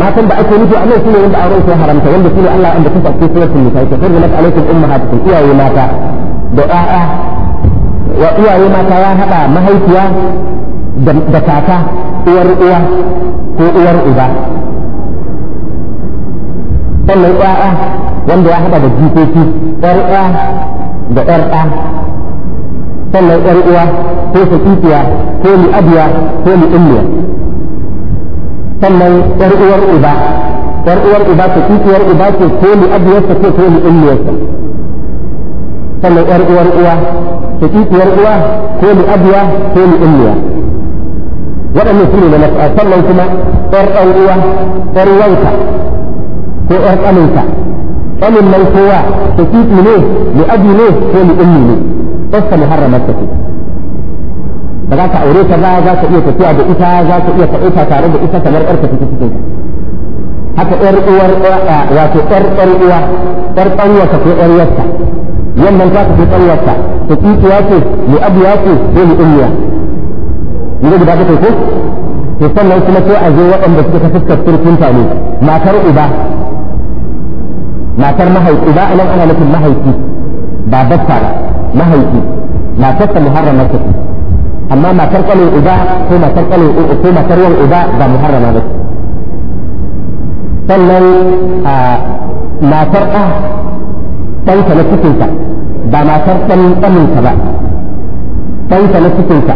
matan da ake nufi Allah shine wanda auren sai haramta wanda shine Allah wanda kuka ce suratul nisa ta farko na alaikum ummahatukum iyaye mata da ƴaƴa wa iyaye mata ya hada mahaifiya da kaka uwar uwa ko uwar uba sannan ƴaƴa wanda ya haɗa da jikoki ƴar ƴa da ƴar ɗa sannan ƴar uwa ko ko ko sannan ƴar uwar uba ƴar uwar uba uba ce ko li'abiyarsa ko ko li'ummiyarsa sannan ƴar uwar uwa uwa ko ko waɗannan su ne na sannan kuma ƴar ɗan uwa ƴar wanka ko ɗan ƙaninka ƙanin nan kowa ta titi ne mai abi ne ko mai ummi ne ɗansa muharramar ta ce ba za ka aure ta ba za ka iya tafiya da ita za ka iya taɓa tare da ita kamar ƴarka ta cikin haka ƴar uwar wato ƴar ƴar uwa ƴar ƙanwarka ko ƴar yasta wannan za ka fi ƙanwarka ta titi ya ce mai abu ya ce ko mai ummiya yanzu ta bakwai ko to sannan kuma ko a zo waɗanda suka ta fuskar turkin ne matar uba matar mahaifi ba a nan ana nufin mahaifi ba basta ba mahaifi matar ta muharrama ce amma matar kwalin uba ko matar kwalin ko matar yan uba ba muharrama ba sannan matar a ɗansa na cikinsa ba matar ɗan ɗaninsa ba ɗansa na cikinsa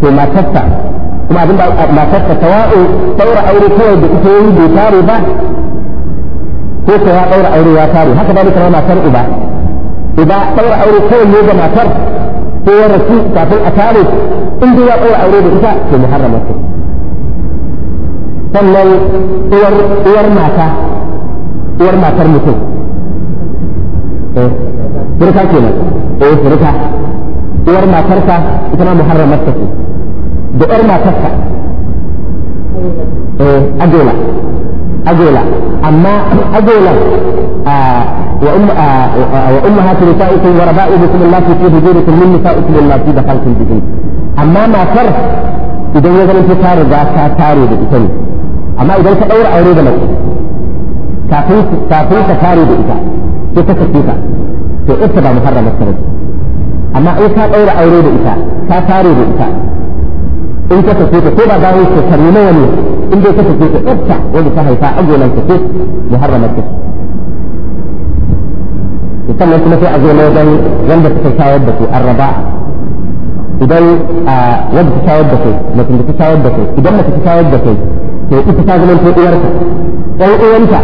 to matarsa kuma abin abinda matarsa tawa'u ɗaura aure kawai da ita yi bai tare ba ko ko ya daura aure ya tare haka ba duka matar uba uba daura aure ko ne da matar ko ya rasu kafin a tare in dai ya daura aure da ita to muharramar ta sannan uwar uwar mata uwar matar mutum eh burka kenan eh burka uwar matarka ita ma muharramar ta da uwar matarka eh adola أجولا أما أجولا وأم وأمهات نسائكم وربائبكم اللاتي في حجوركم من نسائكم اللاتي دخلتم بهن أما ما فرق إذا يزن في تار ذاك تاري بإتن أما إذا تدور أوريد لك كافين كافين تاري بإتا تتسكيتا to ita ba muharramar ta bace amma in ka ɗaura aure da ita ka tare da ita in ka tafi ta ko ba bayan shekaru nawa ne in dai kake ta tsafta wanda ta haifa a gonan ka ce muharramar ta sannan kuma sai a zo na wajen wanda suka shayar da su raba. idan wanda ta shayar da kai mutum da ta shayar da kai idan mutum ta shayar da kai to ita ta zama ta uwarka ɗan uwanta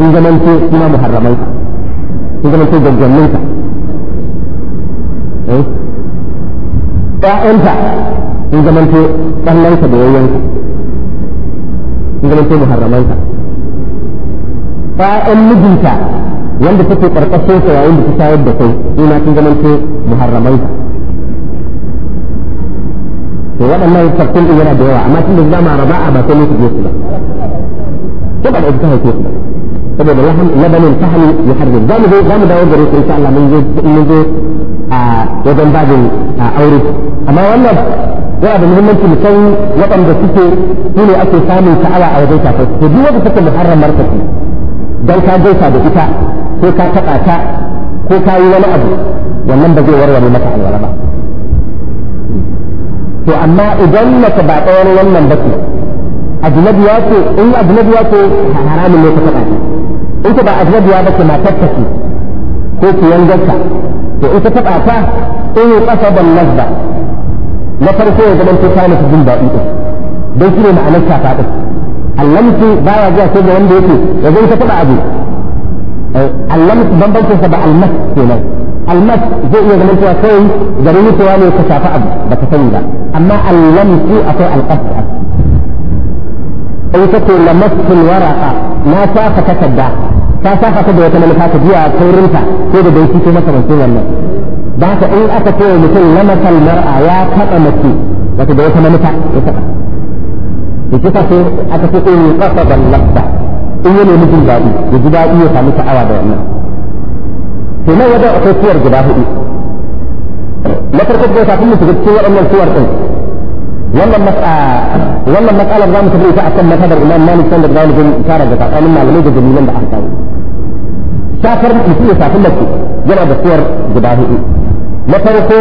sun zama ta kuma muharramai sun zama ta gaggannin ka eh? ƴaƴanta sun zama ta ƙannanka da yayyanka sun sai to muharramanta ƴaƴan mijinta wanda take karkashin sa yayin da ta shayar da kai ina kin ganin sai muharramanta to waɗannan tafsir din yana da yawa amma tun da zama raba'a ba sai mutu su ba ko ba da ita hake su ba saboda laham labanin tahmi yuharrim zamu zo zamu dawo gare su insha Allah mun je mun je a wajen babin aure amma wannan yana da muhimmanci mu san waɗanda suke su ne ake samun sha'awa a wajen shafar su duk wanda suke marka ka dan ka gaisa da ita ko ka taɓa ta ko ka yi wani abu wannan ba zai warware maka alwala ba to amma idan mace ba ne wannan ba ce ajnabi ya ce in ajnabi ya ce haramun ne ka taɓa ta in ta ba ajnabi ya ba ce matar ta ce ko ki yangarta to ita taɓa ta in yi ƙasa da nazba na farko ya zama ta na jin daɗi ɗin don shi ne ma'anar shafa ɗin ba ya zuwa sai ga wanda yake ya zai ta taɓa abu eh, allamci bambancin sa ba almas nan almas zai iya zama cewa kai garin mutuwa ne ka shafa abu ba ka sani ba amma allamci akwai alƙasar in kace lamassul waraqa na shafa takarda ta shafa ta da wata manufa ta biya kaurinta ko da dauki ko makamancin wannan da haka in aka ce wa mutum lamasal mar'a ya taɓa mace wata da wata manufa ya taɓa da kisa ce aka ce in kasa da lafta in yana mutum daɗi ya ji daɗi ya samu sha'awa da wannan to nan wajen akwai suwar guda hudu na farko da kafin mu shiga cikin waɗannan suwar ɗin wannan mas'a wannan matsalar za mu tafi ita akan matsalar imam malik sanda da wani tara da tsakanin malamai da jami'an da aka kawo shafar mutum ya shafi mace yana da suwar guda hudu na farko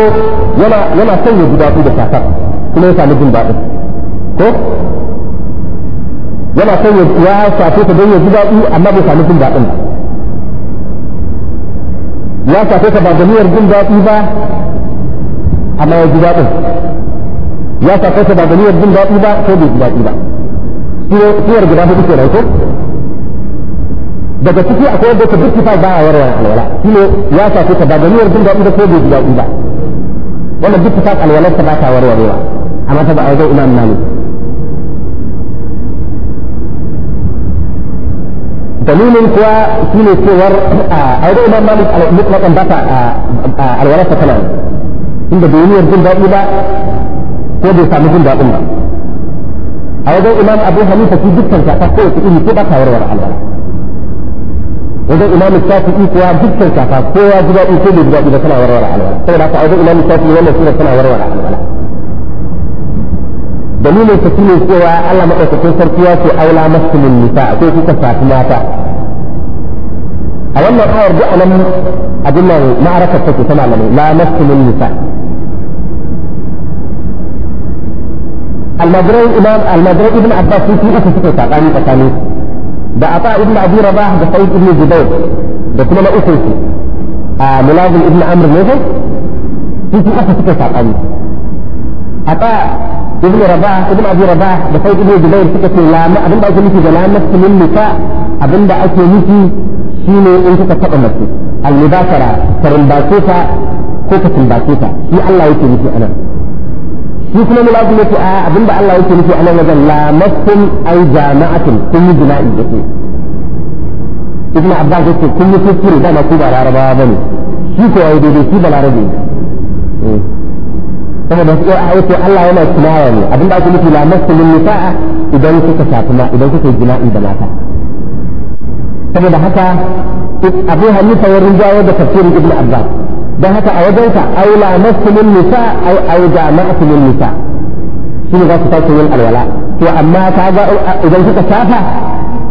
yana sanya son ya da kakar kuma ya sami jin daɗin ko yana sanya ya shafe ta don ya ji daɗi amma bai sami jin daɗin ba ya shafe ta ba ganiyar jin daɗi ba amma ya ji daɗin ya shafe ta ba ganiyar jin daɗi ba ko bai ji daɗi ba. Siyar guda hudu ke ko? daga ciki akwai wanda yake duk kifa baya warware alwala shine ya shafi ta ba ganiyar jin daɗi ba ko bai ji daɗi ba wannan duk kifa alwalar ta ba ta warwarewa amma ta ba a wajen imam malik dalilin kuwa shine cewar a wajen imam malik mutlaqan ba ta alwalar ta tana inda bai yi jin daɗi ba ko bai samu jin daɗin ba a wajen imam abu hanifa shi dukkan ta ta kowace iri ko ba ta warware alwala هذا إمام الشافعي كوا جد الشافع كوا جد أوكي جد إذا سمع ورا ورا على ورا طبعا هذا إمام الشافعي ولا سمع سمع ورا ورا على ورا دليل السنة هو الله ما أتكلم سرقيا في أولى مسلم النساء كيف تفعل ما تا أولا أعرف أن أدنى معركة تكو سمع لنا لا مسلم النساء المدرسة إمام المدرسة ابن عباس في أسس كتاب عن التاريخ da ata ibn abi rabah da sa'id ibn jubair da kuma na uku su a mulazim ibn amr ne ko su su aka suka sakani ata ibn rabah ibn abi rabah da sa'id ibn jubair suka ce la ma abinda ake nufi da la nafsu min nisa abinda ake nufi shine in kuka taba mace al mubashara karin bace ta ko ka tumbace ta shi Allah yake nufi anan shi kuma mulazim yake a abinda Allah yake nufi a nan wajen lamastum ay jama'atun kun yi jina'i da ku ibn abbas yake kun yi kuskure da na ku ba larabawa bane shi ko ai daidai shi ba larabi eh. saboda su a yake Allah yana kinaya ne abinda ake nufi lamastum nisa'a idan kuka shafi ma idan kuka yi jina'i da mata saboda haka Abu Hanifa ya rinjaye da tafsirin Ibn Abbas don haka a wajensa au lamastum nisa au au jama'tum nisa shi ne za su sake yin alwala to amma ka kaga idan kuka safa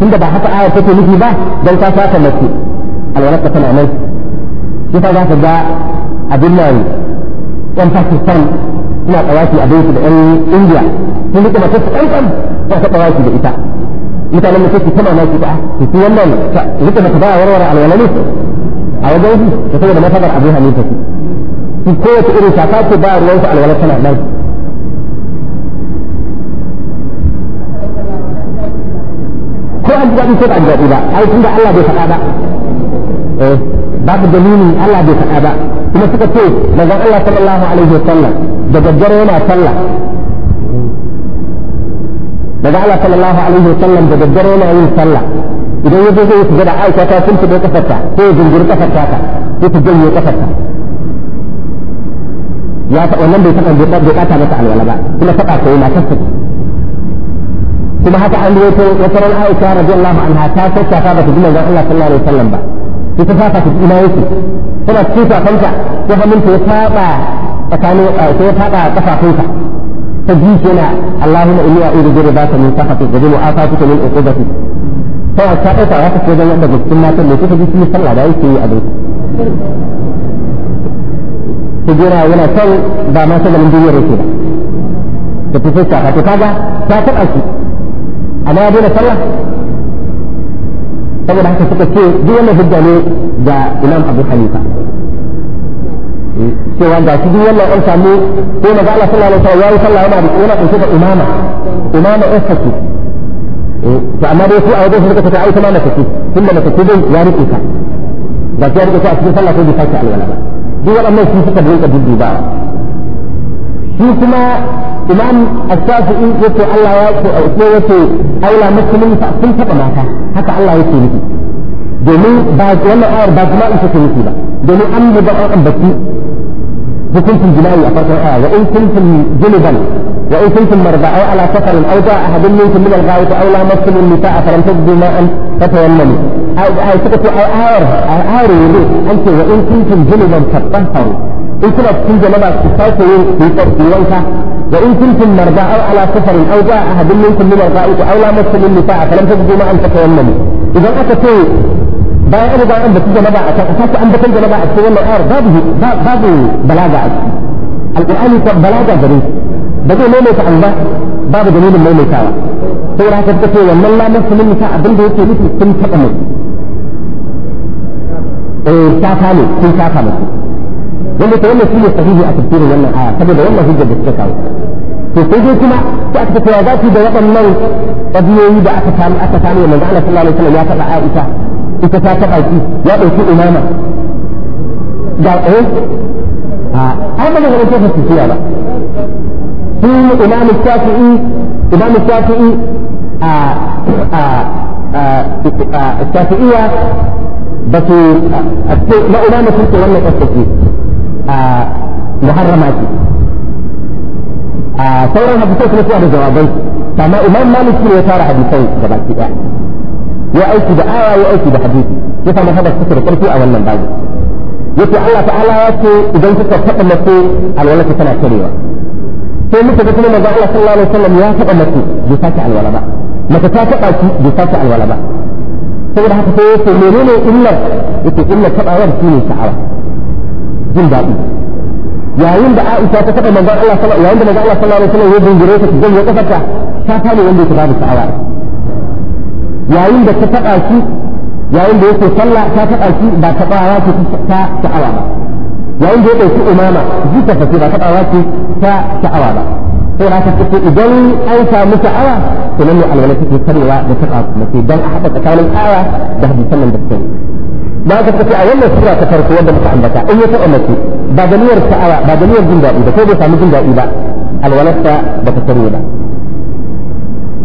tunda ba haka aya take nufi ba don ka safa mace alwala ta tana nan shi ta za ka ga abin nan yan Pakistan suna tsawaki abin su da yan India sun rike mace su kankan ba ta tsawaki da ita mutanen mutum su tana nan su ta su wannan rike mace ba warware alwala ne a wajen su da saboda masabar abu hanifa su su kowace irin shaka ce ba ruwan su alwala tana nan ko an jaɗi ko an jaɗi ba ai tunda Allah bai faɗa ba eh babu dalili Allah bai faɗa ba kuma suka ce manzon Allah sallallahu alaihi wasallam da daddare yana sallah daga Allah sallallahu alaihi wasallam da daddare yana yin sallah idan ya zai su gada aisha ta sun fito kafarta ko ya zungiri kafarta ta ko ta janye kafarta ya ta wannan bai taɓa bai ɓata masa alwala ba kuma taɓa ko yana ta saki kuma haka an yi wata wata ran aisha radiyallahu anha ta saka ta ba ta gina ga Allah sallallahu alaihi wasallam ba sai ta fata ta ina yake tana cikin kafanta sai ta ya faɗa tsakanin eh, sai ya faɗa kafafunta ta ji shi na Allahumma inni a'udhu bika min sakhatik wa bi mu'afatika min uqubatik ta ta ɗauka haka ko zan yadda gaskin matan ne kuka ji sun sallah da yake yi a bai hijira yana son ba ma shagalin duniyar yake ba da tafi shafa to kaga ta taɓa shi amma ya daina sallah saboda haka suka ce duk wannan hujja ne ga imam abu hanifa cewa ga shi duk wannan an samu ko maza Allah sallallahu alaihi wasallam yayi sallah yana da yana da imama imama saki. Eh, to amma dai su a wajen suka kace ai kuma mace ce tun da mace ce dai ya rike ta ba ta rike ta a cikin sallah ko bai sake alwala ba duk waɗannan su suka rinka dudduba shi kuma imam as-shafi'i yace Allah ya ce ko yace aula muslimin fa sun taba mata haka Allah yake nufi domin ba wannan ayar ba kuma in ba domin an yi ba an ambaci بكنتم جنائي أفرقوا آه وإن كنتم جنبا وإن كنتم مرضى على سفر أو جاء أحد منكم من الغائط أو لامستم النساء فلم تجدوا ماء فتيمموا أو أو سكتوا أو آر آر يقول أنت وإن كنتم جنبا فطهروا إن كنت كنت لما تستيقظوا في وانك وإن كنتم مرضى على سفر أو جاء أحد منكم من الغائط أو لامستم النساء فلم تجدوا ماء فتيمموا إذا أتى bayan an riga an batu janaba a can a sake an batun janaba a cikin wannan ayar babu babu balaga a ciki alqur'ani ta balaga gare ba zai maimaita an ba babu dalilin maimaitawa saboda haka suka ce wannan lamar sunan nisa abin da yake nufi sun taɓa mai eh shafa ne sun shafa musu wanda ta wannan shine sahihi a tafsirin wannan aya saboda wannan hujjar da suka kawo to sai dai kuma sai aka tafi ya zafi da waɗannan ɗabiyoyi da aka samu aka samu manzo Allah sallallahu alaihi wasallam ya faɗa Aisha ita ta taɓa shi ya ɗauki imama ga ɗaya eh? a an ba da ganin tafi tafiya ba shi imam shafi'i imam shafi'i a a a shafi'iya ba su na umama sun ce wannan tsaftace a muharrama ce a sauran hadisai kuma suna da jawabai amma imam malik ne ya tara hadisai ki ɗaya ya aiki da aya ya aiki da hadisi ya samu haɗa suka da ƙarfi a wannan babu yace Allah ta'ala ya ce idan kuka taɓa mace alwala ta tana karewa sai muka ga kuma manzo Allah sallallahu alaihi wasallam ya taɓa mace bai sake alwala ba mace ta taɓa ki bai sake alwala ba saboda haka sai yace menene illar yace illar taɓawar shine jin daɗi yayin da Aisha ta manzo Allah sallallahu alaihi wasallam yayin da manzo Allah sallallahu alaihi ya dingire ta zai ya ta fara wanda ta sha'awa yayin da ta taɓa shi yayin da yake sallah ta taɓa shi ba taɓawa ce ta sha'awa ba yayin da ya ɗauki umama zuta ta ce ba taɓawa ce ta sha'awa ba na ta kuka idan an samu sha'awa to nan ne alwala take karewa da taɓa mace don a haɗa tsakanin aya da hadisan nan da ta yi ba ka tafi a wannan sura ta farko wanda muka ambata in ya taɓa mace ba da niyyar sha'awa ba da niyyar jin daɗi ba ko bai samu jin daɗi ba alwalarsa ba ta kare ba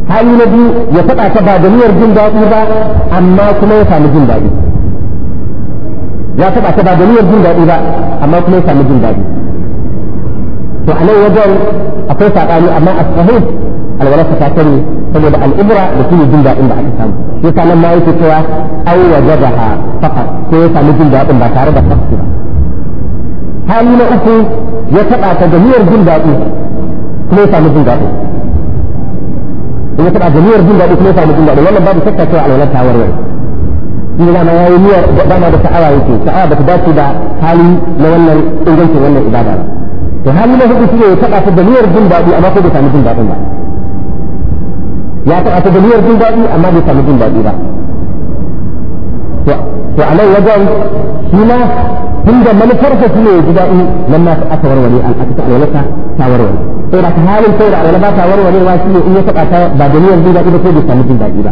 hali na biyu ya faɗa ta ba da niyyar jin daɗi ba amma kuma ya samu jin daɗi ya faɗa ta ba da niyyar jin daɗi ba amma kuma ya samu jin daɗi to a nan wajen akwai saɓani amma a sahih alwalarsa ta kare saboda al'ibra da shi ne jin daɗin da aka samu shi ta nan ma yake cewa ai wajabaha faqat ko ya samu jin daɗin ba tare da fasiki ba hali na uku ya taɓa ta da niyyar jin daɗi kuma ya samu jin daɗi in ya taɓa jami'ar jin daɗi kuma ya samu jin daɗi wannan babu shakka cewa alwalar ta warware shi dama ya yi niyyar dama da sa'awa yake sa'awa ba ta dace da hali na wannan ingancin wannan ibada ba to hali na hudu shine ya taɓa ta jami'ar jin daɗi amma ko bai samu jin daɗin ba ya taɓa ta jami'ar jin daɗi amma bai samu jin daɗi ba to a nan wajen shi ma tun da ka shi ne ya ji daɗi nan ta aka warware an aka alwalarsa ta warware sai da halin sai da alwala ba ta warwarewa shi ne in ya taɓa ta ba da niyyar jin daɗi ba ko da samu jin daɗi ba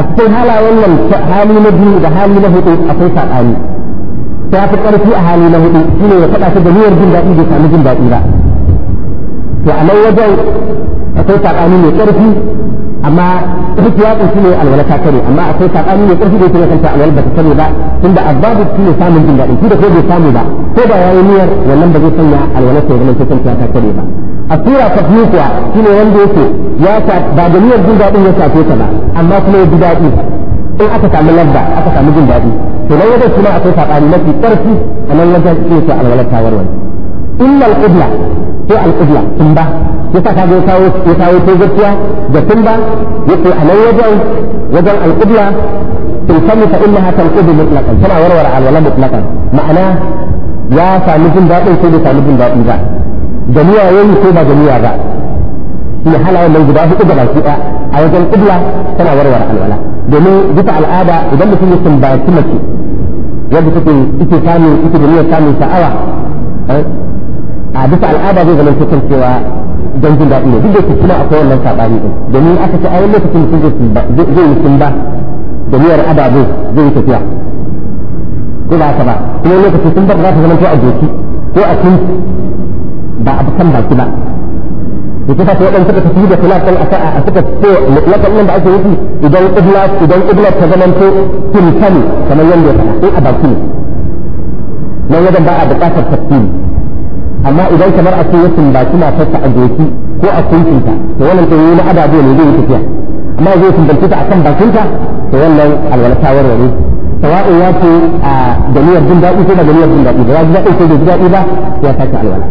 a cikin halayen nan hali na biyu da hali na hudu akwai saɓani ta fi ƙarfi a hali na hudu shi ne ya taɓa ta da niyyar jin daɗi bai samu jin daɗi ba to a nan wajen akwai saɓani mai ƙarfi amma ya ko shine alwala ta kare amma akwai sakani ne karfi da yake kanta alwala ba ta kare ba tunda azbabu shine samun jin dadin da ko bai samu ba ko ba ya yi niyyar wannan ba zai sanya alwala ta zama kanta ta kare ba asira ta biyu kuwa shine wanda yake ya ta ba da niyyar jin dadin ya shafe ta ba amma kuma ya ji dadi in aka samu ladda aka samu jin dadi to nan wajen kuma akwai sakani mafi karfi a nan wajen ya ta alwala ta warware illa al-qibla ko al-qibla tumba yasa ka ga kawo ya kawo ko gaskiya da tumba yake a nan wajen wajen al-qibla tulfami fa innaha tanqudu mutlaqan tana warware alwala mutlaqan ma'ana ya sami jin daɗin ko bai sami jin daɗi ba da niyya yayi ko ba jami'a ba shi halayen mai guda hudu gaba ki a wajen qibla tana warware alwala domin duka al'ada idan mutum ya sumbaci mace yadda take ita samun ita da niyyar samun sha'awa a bisa al'ada zai zama cikin cewa don jin daɗi ne duk da kuma akwai wannan saɓani ɗin domin aka ce a yi lokacin mutum zai yi ba da niyyar ababe zai yi tafiya ko ba ka ba kuma lokacin sun ba za ta zama ko a doki ko a kun ba a kan baki ba da kuka ta waɗanda suka tafi da kula kan asa a suka so mutlakan nan da ake yi idan ibla idan ibla ta zama to kan kamar yadda ya faɗa in a baki ne nan wajen ba a buƙatar tafsiri amma idan kamar a ce yasin ba kina matarsa a goki ko a kuncinta to wannan to na ababe ne zai tafiya amma zai sumbaci ta akan bakinta to wannan alwala wani sawa'u ya ce a ganiyar jin daɗi ko da ganiyar jin daɗi ba zai ji daɗi ko bai ji daɗi ba ya sake alwala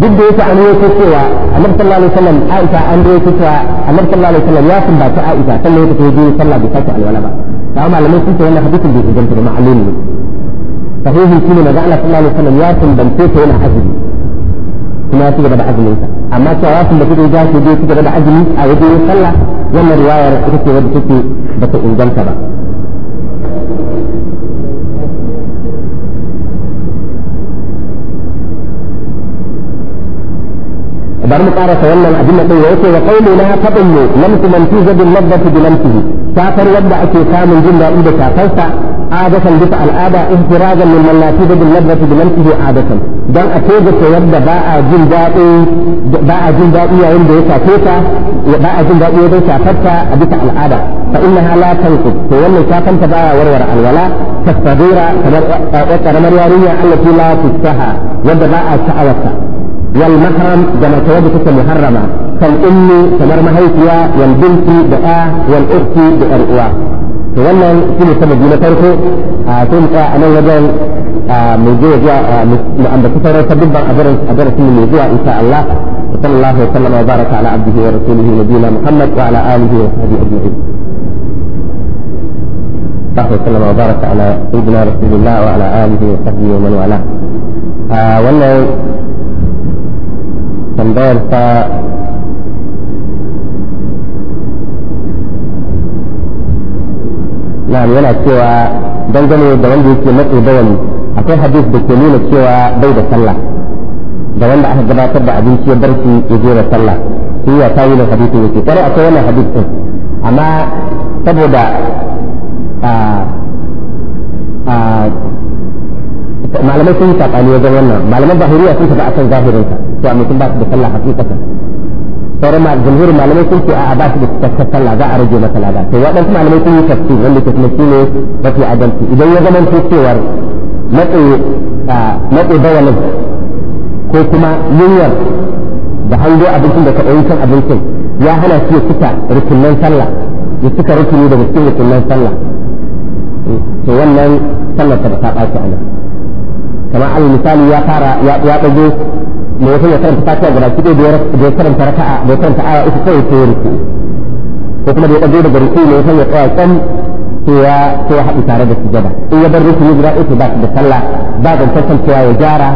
duk da yake an yi cewa annabi sallallahu alaihi wasallam Aisha an yi cewa annabi sallallahu alaihi wasallam ya sumbaci Aisha sallallahu alaihi wasallam ya je sallah bai sake alwala ba amma malamai sun ce wannan hadisin bai inganta da ma'alumi ne فهو يمكن ان جعل صلى الله عليه وسلم يرسم بنتيته هنا حزني ثم ياتي بعد حزني اما تعرف ان تدري جاك يجي يجي بعد حزني او يجي يصلى لما الروايه رحلت في غدتك بتقول جنبك بقى برمك على سوالنا الأدلة ويأتي وقولوا لا تضلوا لمس من في زد اللبة بلمسه كافر يبدأ في خام الجنة عندك فلسأ عادة بس العادة من من لا توجد اللذة بنفسه عادة دان أتوجد يبدا باء جن دائي باء جن دائي يوم بيسا كيسا باء جن دائي يوم بيسا فتا بس العادة فإنها لا تنقض فيوم كافن تباء ورور الولاء كالصغيرة وكرمر يارية التي لا تستهى يبدا باء شعوتها والمحرم كما توجد محرمة كالأم كمر مهيتيا والبنت بآه والأخت بأرؤوا to wannan shi ne sanadi na farko a sai mu a nan wajen mai zuwa zuwa mu ambaci sauran sabbin a darasin mai zuwa insha Allah ala abdihi wa rasulihi nabiyina Muhammad wa ala alihi wa sahbihi ajma'in sallallahu alaihi wa baraka ala على سيدنا wa ala alihi wa sahbihi wannan tambayar ta na'am yana cewa dangane da wanda yake matsi bawani akwai hadis da ke nuna cewa bai da sallah da wanda aka gabatar da abinci ya bar shi ya je da sallah shi ya tayi da hadisin yake kare akwai wannan hadis amma saboda malamai sun yi saɓani wajen wannan malaman bahiriya sun tafi akan zahirinsa to amma sun ba su da sallah hakikatan sauran jamhurin malamai sun ce a ba shi da cikakken sallah za a rage masa lada to waɗansu malamai sun yi tafsi wanda ke kuma shine mafi adalci idan ya zama matsi matse bayanin ko kuma yinyar da hango abincin da kaɗai kan abincin ya hana shi ya cika rukunan sallah ya cika rukuni daga cikin rukunan sallah to wannan sallar ta ba ta ɓaci a nan kamar al misali ya fara ya ɗago me yasan ya karanta fatiha gaba ki da karanta raka'a da karanta aya uku kawai sai ruku ko kuma da ya dago daga ruku me yasan ya tsaya kan to ya to ya haɗu tare da sujada in ya bar ruku ne guda uku ba da sallah ba da tantan cewa ya gyara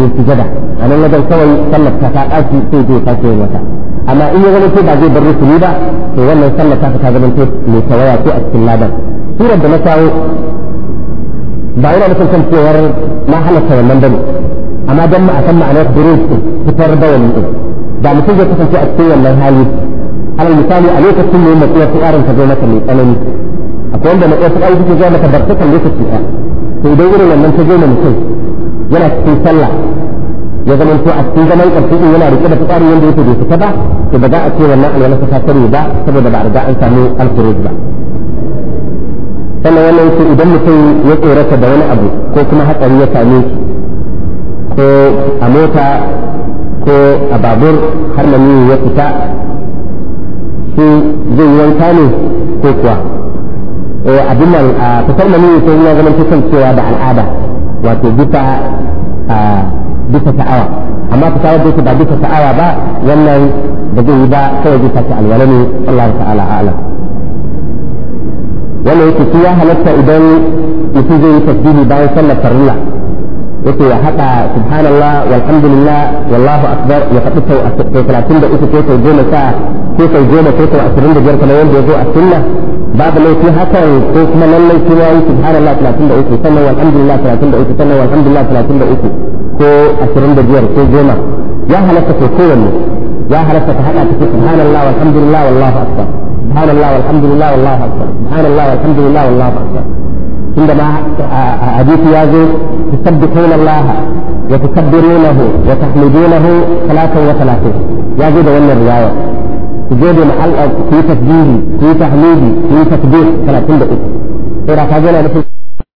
ya sujada a nan wajen kawai sallar ta ta ɗaki sai zai fashe yin wata amma in ya gani ko ba zai bar ruku ba to wannan sallar ta ta zama ta mai tawaya ko a cikin ladan surar da na kawo ba yana nufin kan cewar na halatta wannan bane amma dan ma a san ma'anar burus din fitar bawali din da mutum zai kasance a cikin wannan hali alal misali a lokacin ne matsuwar tsarin ka zo maka mai tsanani akwai wanda matsuwar tsarin take zuwa maka barkatan lokaci ɗaya to idan irin wannan ta zo na mutum yana cikin sallah ya zama to a cikin zaman ƙarfi din yana rike da fitsari wanda yake bai fita ba to ba za a ce wannan alwala ta tare ba saboda ba a riga an samu alfuruj ba sannan wannan yake idan mutum ya tsorata da wani abu ko kuma hatsari ya same shi ko a mota ko a babur har ni ya fita shi zai wanka ne ko kuwa eh, abin nan a fitar ni sai ya zama ta cewa da al'ada wato bisa bisa sa'awa amma fita wadda yake ba bisa sa'awa ba wannan da zai yi ba kawai bisa sake alwala ne Allah ta'ala a'lam wannan yake shi ya halatta idan mutum zai yi tasbihi bayan sallar farilla yake ya haɗa subhanallah walhamdulillah wallahu akbar ya faɗi sau talatin da uku ko sau goma sa ko sau goma ko sau ashirin da biyar kamar yadda ya zo a sunna babu laifi hakan ko kuma lallai sai ya yi subhanallah talatin da uku sannan walhamdulillah talatin da uku sannan walhamdulillah talatin da uku ko ashirin da biyar ko goma ya halatta ko kowanne ya halatta ka haɗa cikin subhanallah walhamdulillah wallahu akbar subhanallah walhamdulillah wallahu akbar subhanallah walhamdulillah wallahu akbar عندما حديث يازو تسبحون الله وتكبرونه وتحمدونه ثلاثا وثلاثين يازو ده ولا رواية تجيب مع في تسبيحي في تحميدي في تكبير ثلاثين دقيقة ترى كذا